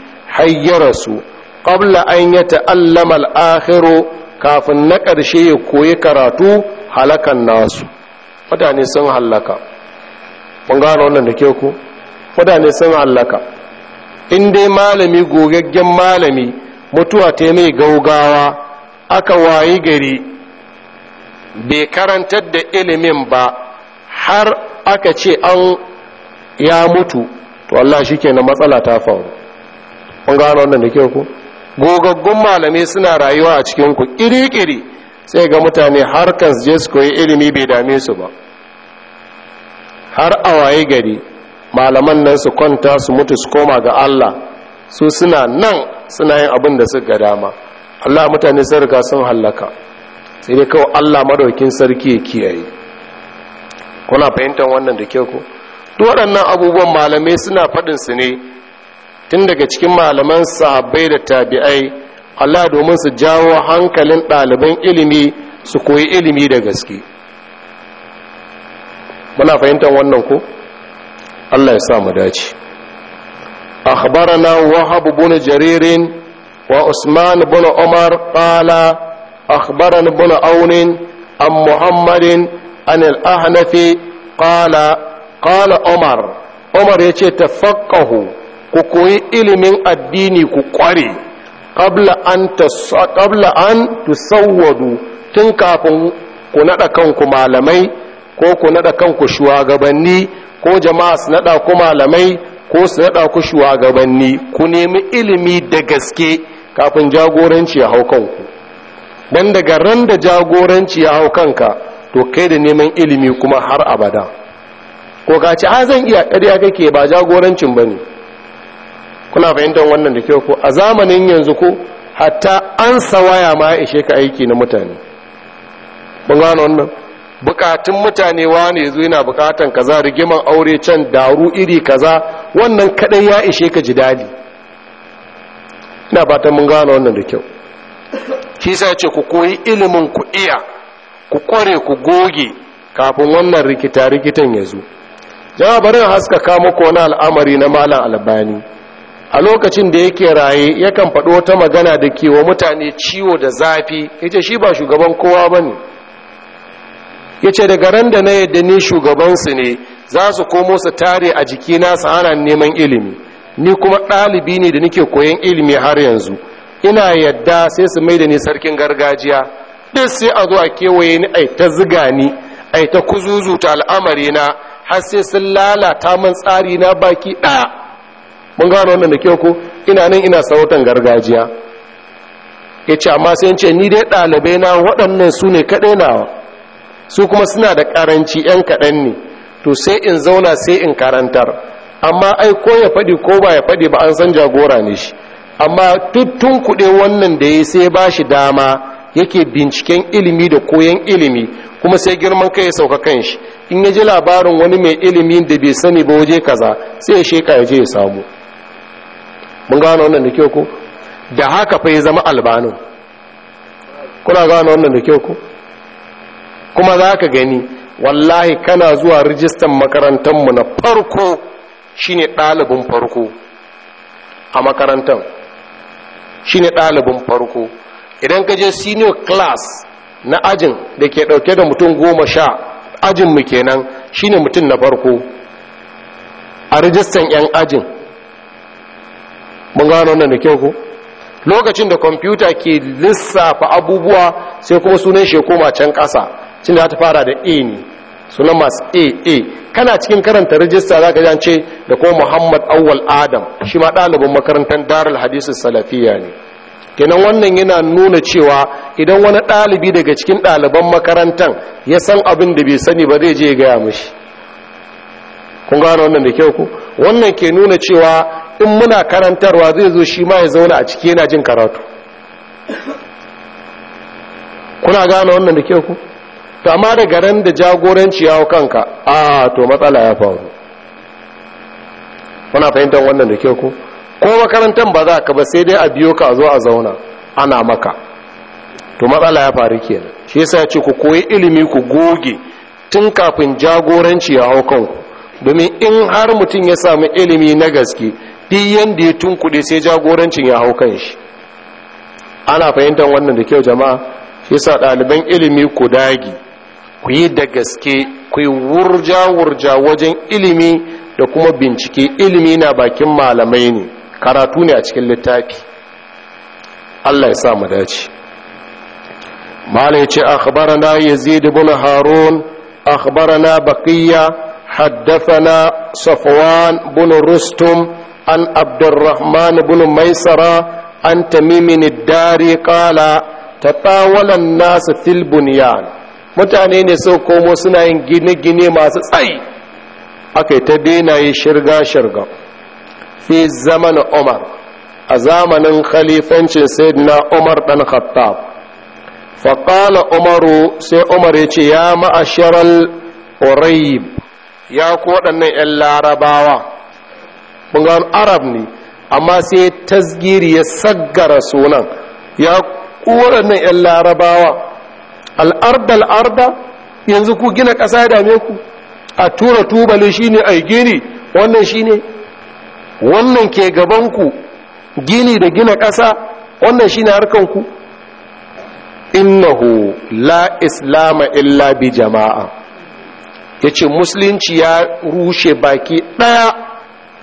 su ƙabla an ya ta'allama al'akhiru kafin na ƙarshe ya koyi karatu halakan nasu mutane sun hallaka mun gano wannan da ke ku mutane sun hallaka in dai malami gogaggen malami mutuwa ta mai gaugawa aka wayi gari bai karantar da ilimin ba har aka ce an ya mutu to Allah shi na matsala ta faru kun gano wannan da ke ku gogaggun malamai suna rayuwa a cikin ku kiri sai ga mutane harkar je su koyi ilimi bai dame su ba har a waye gari malaman nan su kwanta su mutu su koma ga Allah su suna nan suna yin abin da suka dama Allah mutane sun riga sun hallaka sai dai kawai Allah madaukin sarki ya kiyaye kuna fahimtar wannan da kyau ko duk waɗannan abubuwan malamai suna faɗin su ne tun daga cikin malaman sahabbai da tabi'ai Allah domin su jawo hankalin ɗaliban ilimi su koyi ilimi da gaske muna fahimtar wannan ko Allah ya sa mu dace akhbarana wahab ibn jarir wa usman ibn umar qala akhbarana ibn aun an muhammadin an al-ahnafi qala qala umar umar yace tafaqahu ku koyi ilimin addini ku kware qabla an qabla an tusawwadu tun kafin ku nada kanku malamai ko ku nada kanku shugabanni ko jama'a su naɗa ku malamai ko su naɗa ku shugabanni ku nemi ilimi da gaske kafin jagoranci ya hau kanku don daga ran da jagoranci ya hau kanka to kai da neman ilimi kuma har abada ko ka ci a ah, zan iya ƙarya kake ba jagorancin ba ne kuna fahimtar wannan da kyau ko a zamanin yanzu ko hatta an sawaya ma ishe ka aiki na mutane ban gano wannan bukatun mutane wani zo yana bukatan kaza rigiman aure can daru iri kaza wannan kadai ya ishe ka jidali ina fatan mun gano wannan da kyau kisa ce ku koyi ilimin ku iya ku kware ku goge kafin wannan rikita rikitan ya zo Jam'a bari haskaka muku wani al'amari na malam albani a lokacin da yake raye yakan faɗo wata magana da ke wa mutane ciwo da zafi ya shi ba shugaban kowa ba ne ya ce daga ran da na yadda ni shugabansu ne za su komo su tare a jikina su hana neman ilimi ni kuma ɗalibi ne da nake koyan ilimi har yanzu ina yadda sai su mai da ni sarkin gargajiya duk sai a zo a kewaye ni a ta ziga ni ai ta kuzuzuta al'amari na har sai sun lalata man tsari na baki ɗaya mun gano wannan da kyau ko ina nan ina sautan gargajiya ya ce amma sai ce ni dai ɗalibai na waɗannan su ne kaɗai nawa su kuma suna da karanci yan kaɗan ne to sai in zauna sai in karantar amma ai ko ya faɗi ko ba ya faɗi ba an san jagora ne shi amma tuttun kuɗe wannan da ya sai ba shi dama yake binciken ilimi da koyan ilimi kuma sai girman kai ya sauka kan shi in ya ji labarin wani mai ilimi da bai sani ba waje kaza sai ya sheka ya je ya samu mun gano wannan da kyau ko da haka fa ya zama albanin kuna gano wannan da kyau ko kuma za ka gani wallahi kana zuwa rijistan makarantarmu na farko shine ɗalibin farko a makarantar shine ɗalibin farko idan ka je senior class na ajin da ke ɗauke da mutum goma sha ajinmu kenan shine mutum na farko a rijistan 'yan ajin mun gano wannan da kyau ku. lokacin da kwamfuta ke lissafa abubuwa sai kuma sunan Shekuma can ƙasa cin za ta fara da a ne sunan masu a a kana cikin karanta rijista za ka ji ce da kuma muhammad awwal adam shi ma ɗalibin makarantar darul hadisi salafiya ne kenan wannan yana nuna cewa idan wani ɗalibi daga cikin ɗaliban makarantar ya san abin da bai sani ba zai je ya gaya mashi kun gano wannan da kyau ku wannan ke nuna cewa in muna karantarwa zai zo shi ma ya zauna a ciki yana jin karatu kuna gano wannan da kyau ku to amma daga ran da jagoranci ya hau kanka a to matsala ya faru wana fahimtar wannan da kyau ko ko makarantar ba za ka ba sai dai a biyo ka zo a zauna ana maka to matsala ya faru kenan shi yasa ya ce ku koyi ilimi ku goge tun kafin jagoranci ya hau kanku domin in har mutum ya samu ilimi na gaske duk yanda ya tunkuɗe sai jagorancin ya hau kan shi ana fahimtar wannan da kyau jama'a shi yasa ɗaliban ilimi ku dagi ku yi da gaske ku yi wurja-wurja wajen ilimi da kuma bincike ilimi na bakin malamai ne karatu ne a cikin littafi Allah ya sa mu dace mala ce ce akhbarana yazid ibn harun akhbarana baqiya haddathana safwan ibn rustum an abdurrahman ibn maisara an tamim ad-dari qala tatawala an-nas fil bunyan mutane ne sau komo suna yin gine-gine masu tsayi aka yi ta benaye shirga-shirga fi zamanin umar a zamanin khalifancin na umar dan khattab faƙala umaru sai umar ya ce ya ma'asharar orayib ya ku 'yan larabawa bungan arab ne amma sai tasgiri ya saggara sunan ya ku 'yan larabawa al'ardal arda yanzu ku gina ƙasa ya dame ku a tura tubali shine ai gini wannan shine wannan ke gaban ku gini da gina ƙasa wannan shine harkan ku innahu la islama illa bi jama'a yace musulunci ya rushe baki ɗaya,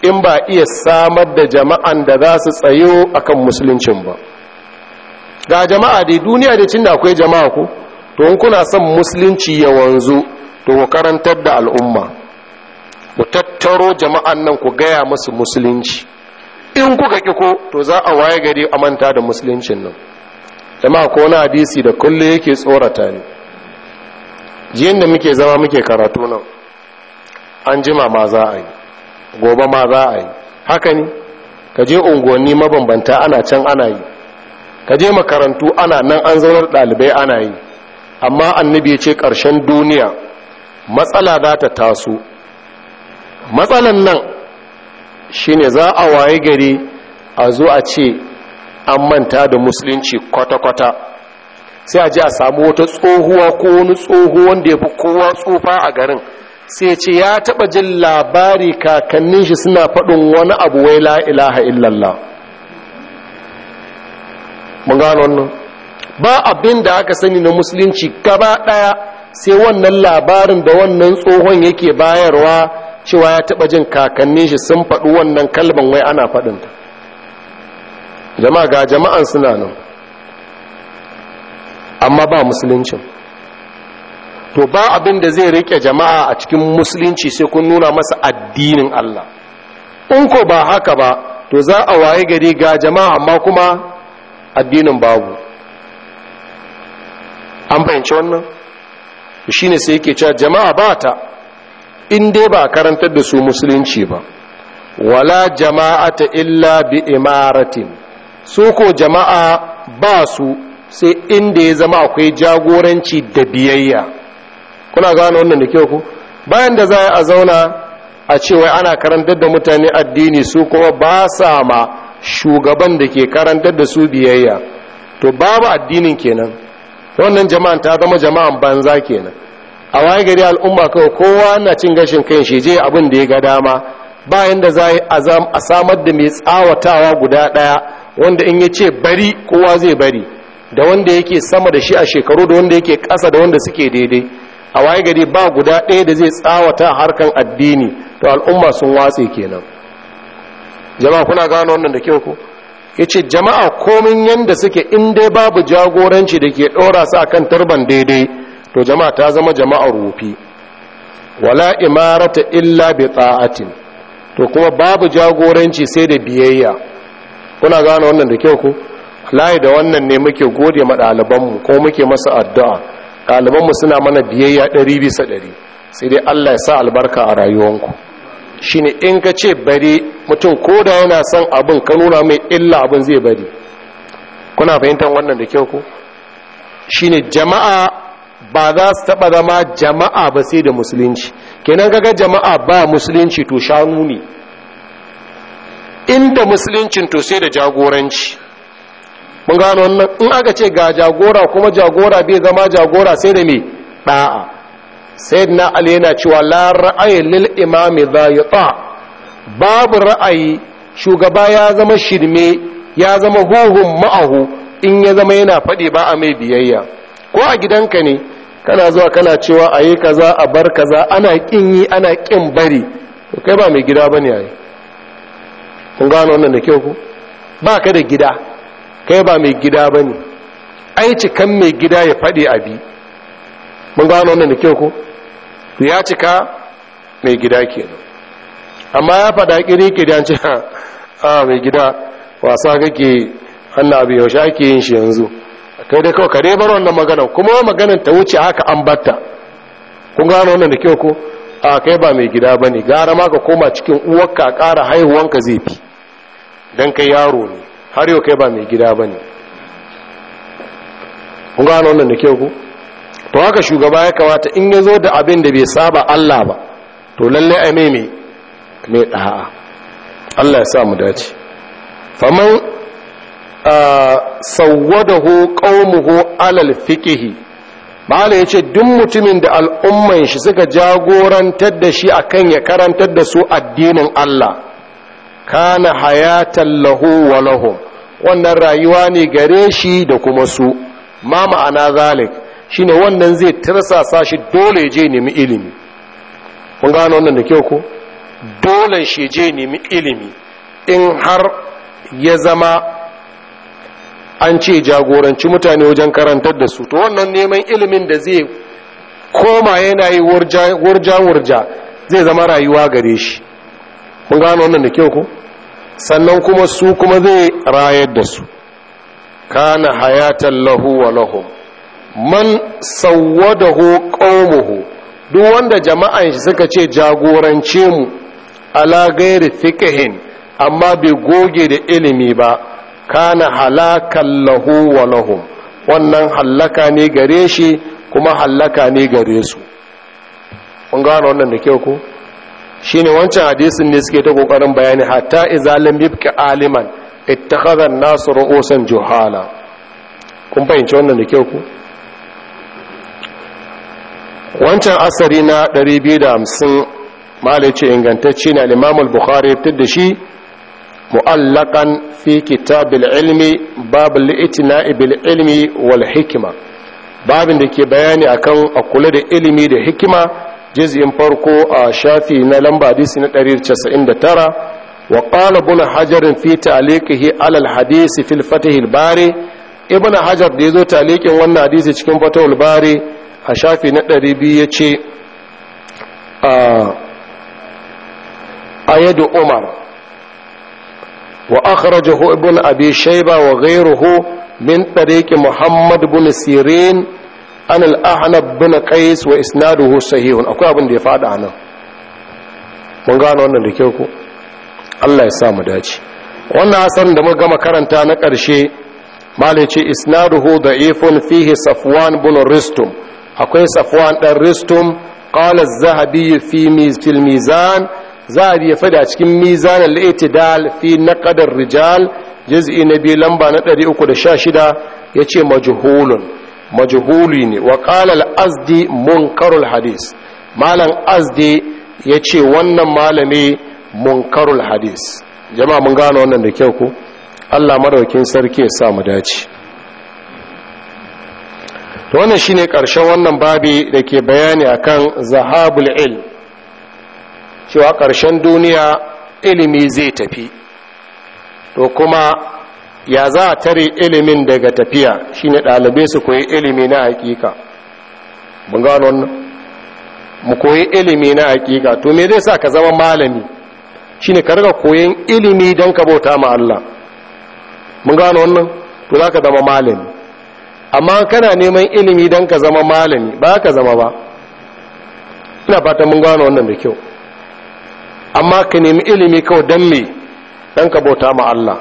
in ba iya samar da jama'an da za su tsayo akan musuluncin ba ga jama'a dai duniya da cin akwai jama'a ko to in kuna son musulunci ya wanzu to ku karantar da al'umma ku tattaro jama'an nan ku gaya musu musulunci in kuka ki ko to za a waye gari a manta da musuluncin nan jama'a ko na hadisi da kulle yake tsorata ni. jiyan da muke zama muke karatu nan an jima ma za a yi gobe ma za a yi haka ne ka je unguwanni mabambanta ana can ana yi ka je makarantu ana nan an zaunar ɗalibai ana yi amma annabi ya ce ƙarshen duniya matsala za ta taso matsalan nan shine za a waye gari a zo a ce an manta da musulunci kwata-kwata sai a ji a samu wata tsohuwa ko wani tsohuwan da ya fi kowa tsufa a garin sai ce ya taba jin labari kakannin shi suna faɗin wani abu wai la ilaha illallah mun gano wannan ba abin da aka sani na musulunci gaba ɗaya sai wannan labarin da wannan tsohon yake bayarwa cewa ya taɓa jin kakannin shi sun faɗi wannan kalban wai ana faɗinta jama'a ga jama'an suna nan amma ba musuluncin to ba abin da zai rike jama'a a cikin musulunci sai kun nuna masa addinin Allah in ko ba haka ba to za a waye gari ga jama'a amma kuma addinin babu an fahimci wannan shi ne sai yake cewa jama'a ba ta in dai ba karantar da su musulunci ba wala jama'a ta illa bi imaratin su ko jama'a ba su sai inda ya zama akwai jagoranci da biyayya kuna gano wannan da kyau ku bayan da za a zauna a cewa ana karantar da mutane addini su kuma ba sa ma shugaban da ke karantar da su biyayya to babu addinin kenan wannan jama'an ta zama jama'an banza kenan a waye gari al'umma kawai kowa na cin gashin kan shi je abin da ya ga dama bayan da za a samar da mai tsawatawa guda ɗaya wanda in yace bari kowa zai bari da wanda yake sama da shi a shekaru da wanda yake ƙasa da wanda suke daidai a waye gari ba guda ɗaya da zai tsawata harkan addini to al'umma sun watse kenan jama'a kuna gano wannan da kyau ko ya ce jama'a komin yadda suke inda babu jagoranci da ke ɗora su a kan turban daidai to jama'a ta zama jama'a rufi wala imarata illa bi tsa'atin to kuma babu jagoranci sai da biyayya kuna gane wannan da kyau ku layi da wannan ne muke gode ma ɗalibanmu ko muke masa addu'a ɗalibanmu suna mana biyayya ɗari bisa ɗari sai dai allah ya sa albarka a rayuwanku shine in ka ce bari mutum ko da yana son abin ka nuna mai illa abin zai bari kuna fahimtar wannan da kyau ko shine jama'a ba za su taba zama jama'a ba sai da musulunci kenan kaga jama'a ba musulunci to shanu ne inda musuluncin to sai da jagoranci mun gano wannan in aka ce ga jagora kuma jagora bai zama jagora sai da me ɗa'a. sai na yana cewa la ra'ayi lil imami dhayita babu ra'ayi shugaba ya zama shirme ya zama huhun ma'ahu in ya zama yana faɗi ba a mai biyayya ko a gidanka ne kana zuwa kana cewa a yi kaza a bar kaza ana kin yi ana kin bari to kai ba mai gida ba ne yayi kun gano wannan da kyau ku ba ka da gida kai ba mai gida ba ne? ai cikan mai gida ya faɗi abi mun gano wannan da kyau ko to ya cika mai gida kenan amma ya fada kiri kiri an ce a mai gida wasa kake hannu abu yaushe ake yin shi yanzu kai dai kawai kare bar wannan magana kuma maganar ta wuce haka an batta kun gano wannan da kyau ko a kai ba mai gida ba ne gara ma ka koma cikin uwarka ƙara haihuwanka zai fi don kai yaro ne har yau kai ba mai gida bane. kun gano wannan da kyau ko to haka shugaba ya kamata in ya zo da abin da bai saba Allah ba to lalle a mai mai ɗaha Allah ya sa mu dace faman sawwadahu ho alal fiqhi ya ce, duk mutumin da al'umman shi suka jagorantar da shi akan ya karantar da su addinin Allah kana hayatan lahu wa lahu. wannan rayuwa ne gare shi da kuma su ma ma'ana zalik Shi ne wannan zai tirsasa shi dole je nemi ilimi kun gano wannan da kyau ko dole shi je nemi ilimi in har ya zama an ce jagoranci mutane wajen karantar da su to wannan neman ilimin da zai koma yana yi wurja-wurja zai zama rayuwa gare shi kun gano wannan da kyau ko sannan kuma su kuma zai rayar da su kana hayatan lahu wa lahum man sawwadahu qaumuhu duk wanda jama'an shi suka ce jagorance mu ala ghairi fiqhin amma bai goge da ilimi ba kana halakan lahu wa lahum wannan hallaka ne gare shi kuma hallaka ne gare su kun gano wannan da kyau ko shine wancan hadisin ne suke ta kokarin bayani hatta idza lam yabqa aliman ittakhadha an-nasu ru'usan juhala kun fahimci wannan da kyau ko wancan asari na 250 malice ingantacce na limamul bukhari ta da shi mu'allakan fi kitabil ilmi babul itina'i bil ilmi wal hikima babin da ke bayani akan a kula da ilimi da hikima juz'in farko a shafi na lamba hadisi na 199 wa qala ibn hajar fi ta'liqihi ala al hadisi fil fath al bari ibn hajar da yazo ta'liqin wannan hadisi cikin fath al bari a shafi na ɗari biyu ya ce yadda umar wa akhrajahu ibn abi shayba wa ghayruhu min ɗariƙi Muhammadu bin sirin an al bin qais wa isnaduhu sahihun akwai abin da ya a nan. mun gano wannan da kyau ku? Allah ya sa mu dace wannan asar da muka gama karanta na ƙarshe malai ce da ifon fihi safuwan bin ristum. akwai safuwan ɗan ristum qala az-zahabi fi mizil mizan zahabi ya fada cikin mizan al-i'tidal fi na ar-rijal juz'i na biyu lamba na 316 yace majhulun majhuli ne wa qala al-azdi munkarul hadis malam azdi yace wannan malami munkarul hadis Jama mun gano wannan da kyau ko Allah madaukin sarki ya sa mu dace to wannan shine ƙarshen wannan babi da ke bayani akan zahabul ilm cewa karshen duniya ilimi zai tafi to kuma ya za a tare ilimin daga tafiya shine ɗalibai su koyi ilimi na hakika mun ga wannan mu koyi ilimi na hakika to me zai sa ka zama malami shine ka riga koyin ilimi don ka bauta ma Allah mun ga wannan to zaka zama malami amma kana neman ilimi don ka zama malami ba ka zama ba ina fata mun gano wannan da kyau amma ka nemi ilimi kawai don me don ka bauta ma Allah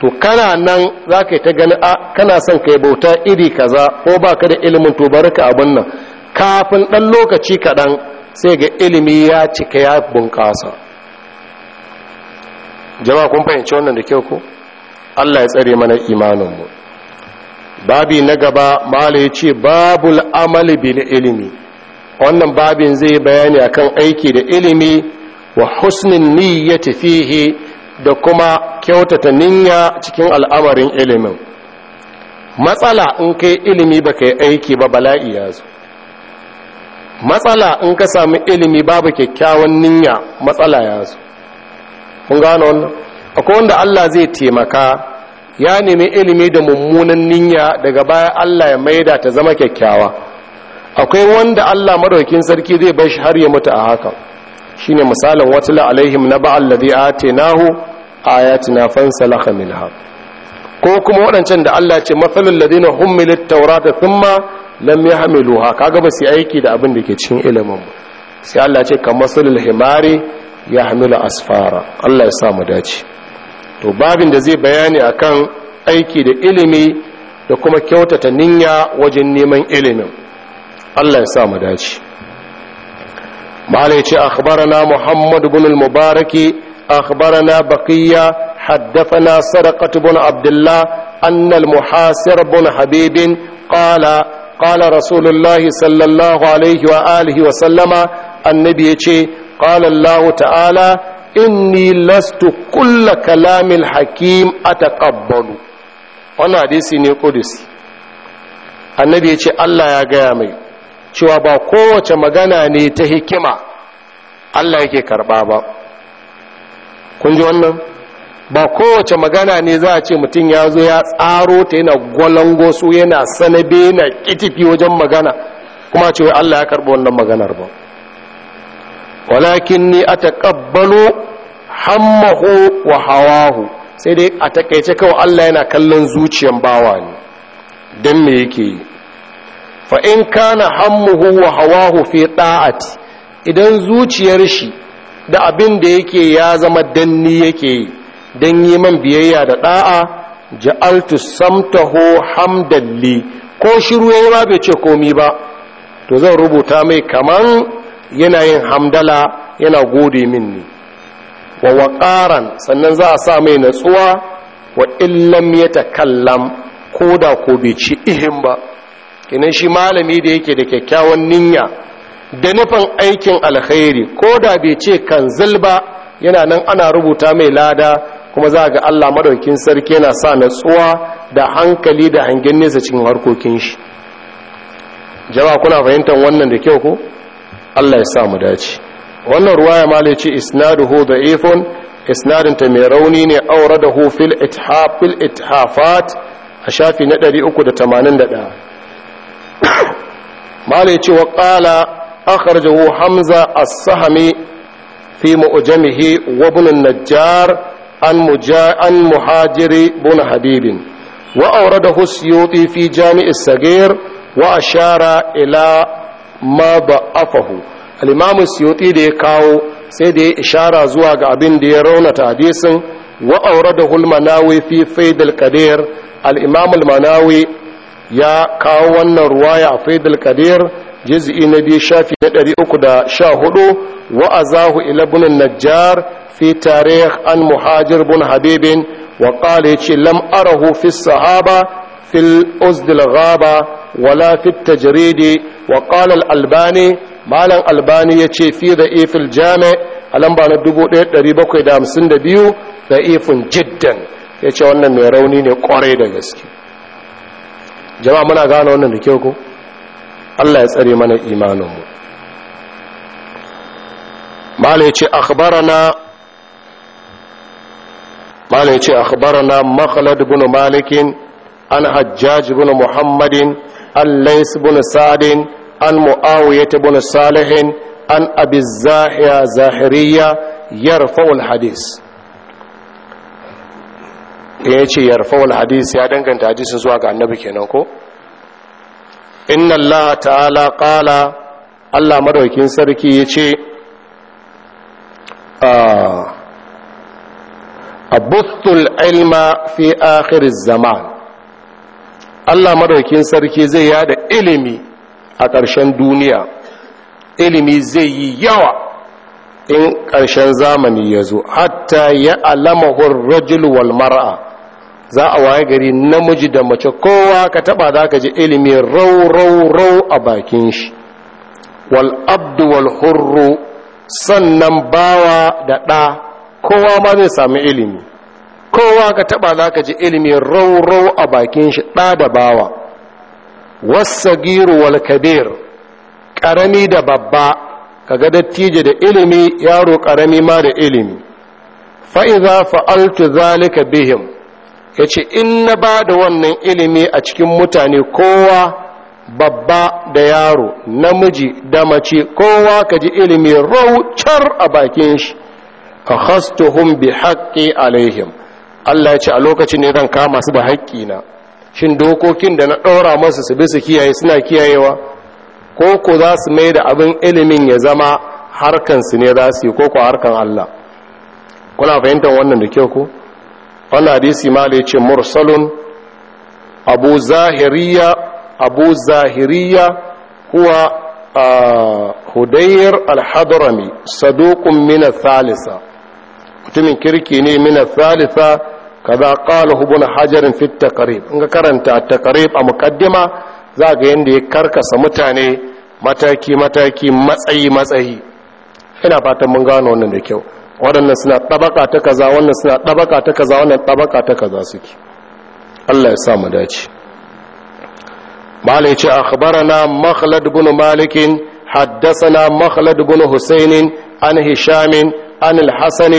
to kana nan za ka yi ta gani a kana son ka yi bauta iri kaza ko ba ka da ilimin to bari ka abin nan kafin ɗan lokaci kaɗan sai ga ilimi ya cika ya bunƙasa jama'a kun fahimci wannan da kyau ko Allah ya tsare mana imaninmu babi na gaba mala ya ce babul amali bil ilimi wannan babin zai bayani akan aiki da ilimi wa husnin niyyati fihi da kuma kyautata niyya cikin al'amarin ilimin matsala in kai ilimi baka yi aiki ba bala'i ya zo matsala in ka sami ilimi babu kyakkyawan niyya matsala ya zo kun gano wannan akwai wanda Allah zai taimaka ya nemi ilimi da mummunan niyya daga baya Allah ya maida ta zama kyakkyawa akwai wanda Allah madaukin sarki zai bar shi har ya mutu a haka shine misalin wata la'alaihim na ba'al ladhi atainahu ayatina fansalakha minha ko kuma waɗancan da Allah ce matsalin ladina hummilit taurata thumma lam yahmiluha kaga ba su aiki da abin da ke cikin ilimin ba sai Allah ce kamar sulul himari yahmilu asfara Allah ya sa mu dace to babin da zai bayani a kan aiki da ilimi da kuma kyautata niyya wajen neman ilimin Allah ya sa mu dace malai ce akhbarana muhammad ibn al-mubarak akhbarana baqiya haddathana sarqat ibn abdullah anna al-muhasir ibn habib qala qala rasulullahi sallallahu wa alihi wa sallama annabi yace qala allah ta'ala inni lastu kulla kalamin hakim ataqabbalu wannan hadisi ne Kudus. annabi ya ce Allah ya gaya mai cewa ba kowace magana ne ta hikima Allah yake karba ba kun ji wannan ba kowace magana ne za a ce mutum ya zo ya tsaro ta yana gwalango su yana sanabe na kitifi wajen magana kuma cewa Allah ya karba wannan maganar ba walakin ni a taƙabbalo hammahu wa hawahu sai dai a takaice kawai allah yana kallon zuciyan bawa ne Dan me yake yi fa in kana hammuhu wa hawahu fi ɗa'ati idan zuciyar shi da abin da yake ya zama danni yake yi don yi man biyayya da ɗa'a ja'altu samtaho hamdalli ko shiru yayi ba bai ce komi ba to zan rubuta mai kaman yana yin hamdala yana gode min ne wa waƙaran sannan za a sa mai natsuwa wa illam ya takallam ko da ko bai ci ihin ba kinan shi malami da yake da kyakkyawan niyya da nufin aikin alkhairi ko da bai ce kan zilba yana nan ana rubuta mai lada kuma za ga allah maɗaukin sarki yana sa natsuwa da hankali da hangen nesa cikin harkokin shi jama'a kuna fahimtar wannan da kyau ko Allah ya sa mu dace wannan ruwaya ma ce isnaduhu da'ifun isnadin ta mai rauni ne auradahu fil ithaf fil ithafat a shafi na 381 [COUGHS] ma ce wa qala akhrajahu hamza as-sahmi fi mu'jamihi wa ibn an-najjar عن, مجا... عن مهاجر بن حبيب وأورده السيوطي في جامع الصغير وأشار ma ba afahu al-imam da ya kawo sai da ya ishara zuwa ga abin da ya raunata hadisin wa da al-manawi fi faid al-qadir manawi ya kawo wannan ruwaya a faidal al jizi'i na biyu shafi na 314 wa azahu wa'azahu ibn najjar fi tare an muhajir bun habibin wa qala yace lam arahu fi sahaba في الأزد الغابة ولا في التجريد وقال الألباني مالا ألباني يتشي في ضعيف الجامع ألمبا ندبو ريبكو دام سند بيو ضعيف جدا يتشي وانا ميروني نقوري دا يسكي jama'a muna gane wannan da kyau ko Allah ya tsare mana imaninmu malai ce akhbarana malai ce akhbarana makhlad ibn malik an hajjaji bin muhammadin an lais bin sadin an mu'awiyat bin salihin an abi zahiya zahiriya yarfa'ul hadis ya ce yarfa'ul hadis ya danganta hadisin zuwa ga annabi kenan ko inna allah ta'ala qala allah madaukin sarki ya ce A buttul ilma fi akhir zaman Allah madaukin sarki zai yada ilimi a ƙarshen duniya ilimi zai yi yawa in ƙarshen zamani ya zo hatta ya alama rajul wal mar'a za a waye gari namiji da mace kowa ka taba za ka ji ilimi rau rau rau a bakin shi wal abdu wal hurru sannan bawa da ɗa kowa ma zai samu ilimi kowa ka taba za ka ji ilimi raurau a bakin shi ɗa da bawa wasagiru wal kabir ƙarami da babba kaga dattijo da ilimi yaro ƙarami ma da ilimi fa'iza fa'altu zalika bihim ya ce in na ba da wannan ilimi a cikin mutane kowa babba da yaro namiji da mace kowa ka ji ilimi car a bakin shi ka hastuhun bi haƙƙi alaihim Allah ya ce a lokacin ne zan kama su da na, shin dokokin da na ɗora masu su bi su kiyaye suna kiyayewa ko ko za su mai da abin ilimin ya zama harkansu ne za su yi ko ko harkan Allah kuna fahimtar wannan da kyau ko wannan hadisi ma da ce mursalun abu zahiriya abu zahiriya kuwa a hudayyar hadrami saduqun mina thalisa mutumin kirki ne Mina kaza qala ibn hajar fi taqrib in ka karanta taqrib a muqaddima za ga yanda ya karkasa mutane mataki mataki matsayi matsayi ina fatan mun gano wannan da kyau waɗannan suna tabaka ta kaza wannan suna tabaka ta kaza wannan tabaka ta kaza suke Allah ya sa mu dace akhbarana makhlad ibn malik مالك makhlad ibn بن an hisham an al-hasan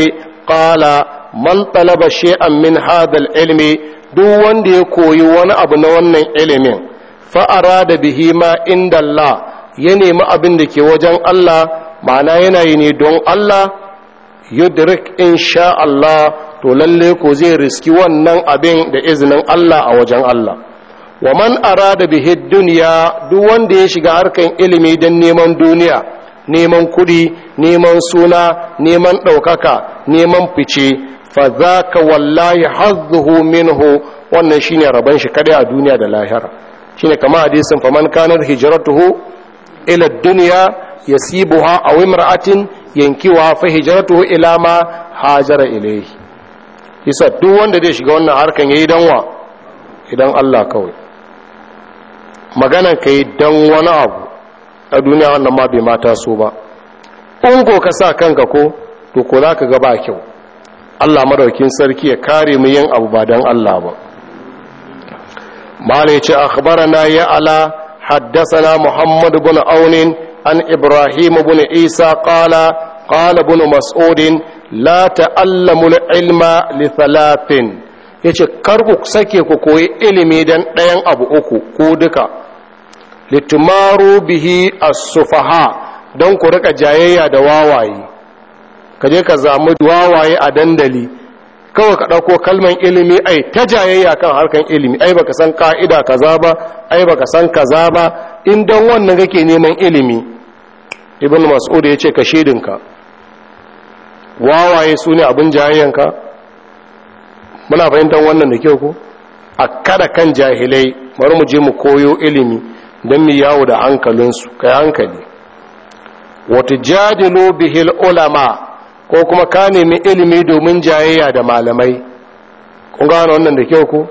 qala man talaba shay'an min hadal ilmi duk wanda ya koyi wani abu na wannan ilimin fa arada bihi ma inda Allah ya nemi abin da ke wajen Allah ma'ana yana yi ne don Allah yudrik insha Allah to lalle ko zai riski wannan abin da izinin Allah a wajen Allah wa man arada bihi dunya duk wanda ya shiga harkan ilimi don neman duniya neman kudi neman suna neman ɗaukaka neman fice fa zaka wallahi hazzuhu minhu wannan shine rabon shi kadai a duniya da lahira shine kama hadisin faman kanar hijratuhu ila dunya yasibuha aw imra'atin yankiwa fa hijratuhu ila ma hajara ilayhi isa duk wanda zai shiga wannan harkan yayi danwa idan Allah kawai ka kai dan wani abu a duniya wannan ma bai mata so ba in ko ka sa kanka ko to ko ka ga ba kyau Allah madaukin sarki ya kare mu yin abu ba dan Allah ba malai ce akhbarana ya ala na Muhammadu ibn aunin an ibrahim ibn isa qala qala ibn Mas'udin, la ta'allamu al-ilma li thalathin yace kar ku sake ku koyi ilimi dan ɗayan abu uku ko duka litumaru bihi as-sufaha don ku rika jayayya da wawaye ka je ka zamu wawaye a dandali kawai ka ɗauko kalman ilimi ai ta jayayya kan harkan ilimi ai baka san ka'ida kaza ba ai baka san kaza ba in don wannan kake neman ilimi ibn mas'ud ya ce ka shedinka wawaye su ne abin jayayyanka muna fahimtar wannan da kyau ko a kada kan jahilai bari mu je mu koyo ilimi don mu yawo da hankalinsu kai hankali wata jadilo bihil ulama ko kuma ka nemi ilimi domin jayayya da malamai kun gano wannan da kyau ku?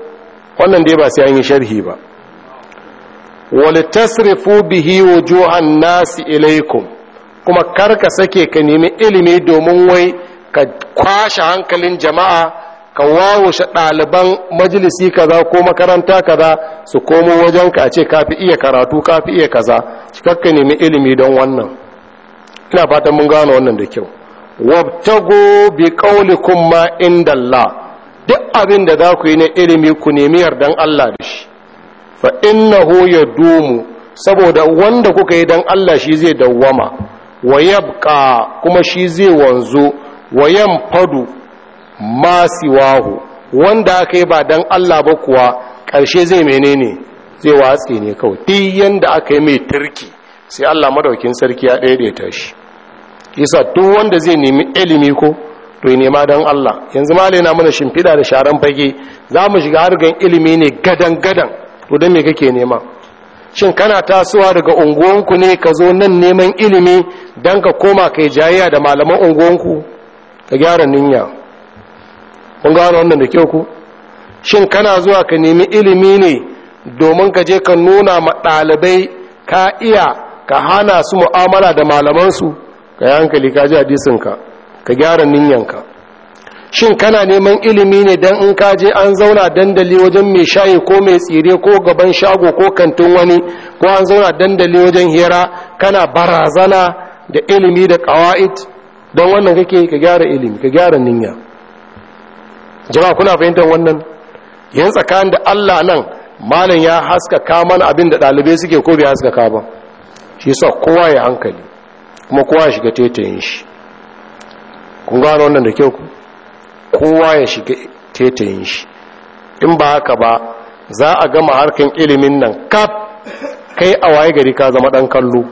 wannan dai ba sai an yi sharhi ba wal tasrifu bihi wujuhan nasi ilaikum kuma karka sake ka nemi ilimi domin wai ka kwashe hankalin jama'a ka shi ɗaliban majalisi kaza ko makaranta kaza su komo wajen ka ce kafi iya karatu kafi iya kaza cikakka nemi ilimi don wannan ina fatan mun gano wannan da kyau wabtago bi kaulikum ma inda Allah duk abin da za ku yi na ilimi ku nemi yardan Allah da shi fa innahu yadumu saboda wanda kuka yi dan Allah shi zai dawwama wa kuma shi zai wanzo wa yanfadu ma siwahu wanda aka yi ba dan Allah ba kuwa ƙarshe zai menene zai watsi ne kawai duk yanda aka yi mai turki sai Allah madaukin sarki ya daidaita shi yasa duk wanda zai nemi ilimi ko to ya nema don Allah yanzu malai na mana shimfiɗa da sharan fage za mu shiga hargan ilimi ne gadan gadan to don me kake nema shin kana tasowa daga unguwanku ne ka zo nan neman ilimi don ka koma kai jayayya da malaman unguwanku ka gyara ninya kun gano wannan da kyau ku shin kana zuwa ka nemi ilimi ne domin ka je ka nuna ma ɗalibai ka iya ka hana su mu'amala da malamansu ka yi hankali ka ji hadisinka ka gyara ninyanka shin kana neman ilimi ne don in ka je an zauna dandali wajen mai shayi ko mai tsire ko gaban shago ko kantin wani ko an zauna dandali wajen hira kana barazana da ilimi da kawa'id don wannan kake ka gyara ilimi ka gyara ninya jama kuna fahimtar wannan yan tsakanin da Allah nan malam ya haskaka mana abin da ɗalibai suke ko bai haskaka ba shi sa kowa ya hankali kuma kowa ya shiga tetayen shi kun gano wannan da kyau kowa ya shiga tetayen shi in ba haka ba za a gama harkan ilimin nan kaf kai a waye gari ka zama dan kallo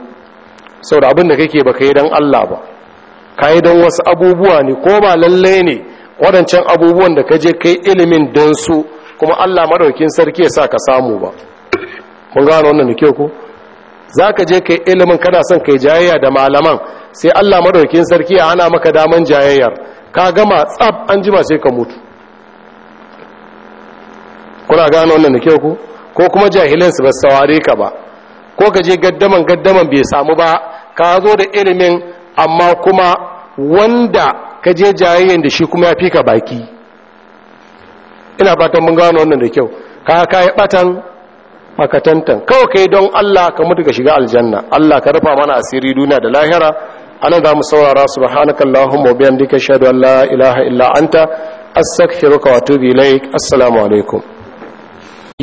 saboda abin da kake ba kai dan Allah ba kai dan wasu abubuwa ne ko ba lalle ne wadancan abubuwan da ka je kai ilimin dan su kuma Allah madaukin sarki ya sa ka samu ba Kun gano wannan da kyau ko za ka je ka yi ilimin kana son kai jayayya da malaman sai allah madaukin sarki ya ana maka daman jayayyar ka gama tsab an jima sai ka mutu kuna gano wannan da kyau ku ko kuma jahilinsu ba saware ka ba ko ka je gaddaman gaddaman bai samu ba ka zo da ilimin amma kuma wanda ka je jayayyar da shi kuma ya fi ka baki ina fatan mun gano wannan da kyau ka ka yi batan makatantan kawai kai don Allah ka mutu ka shiga aljanna Allah ka rufa mana asiri duniya da lahira anan za mu saurara allahumma wa bihamdika ashhadu an la ilaha illa anta astaghfiruka wa atubu ilaik assalamu alaikum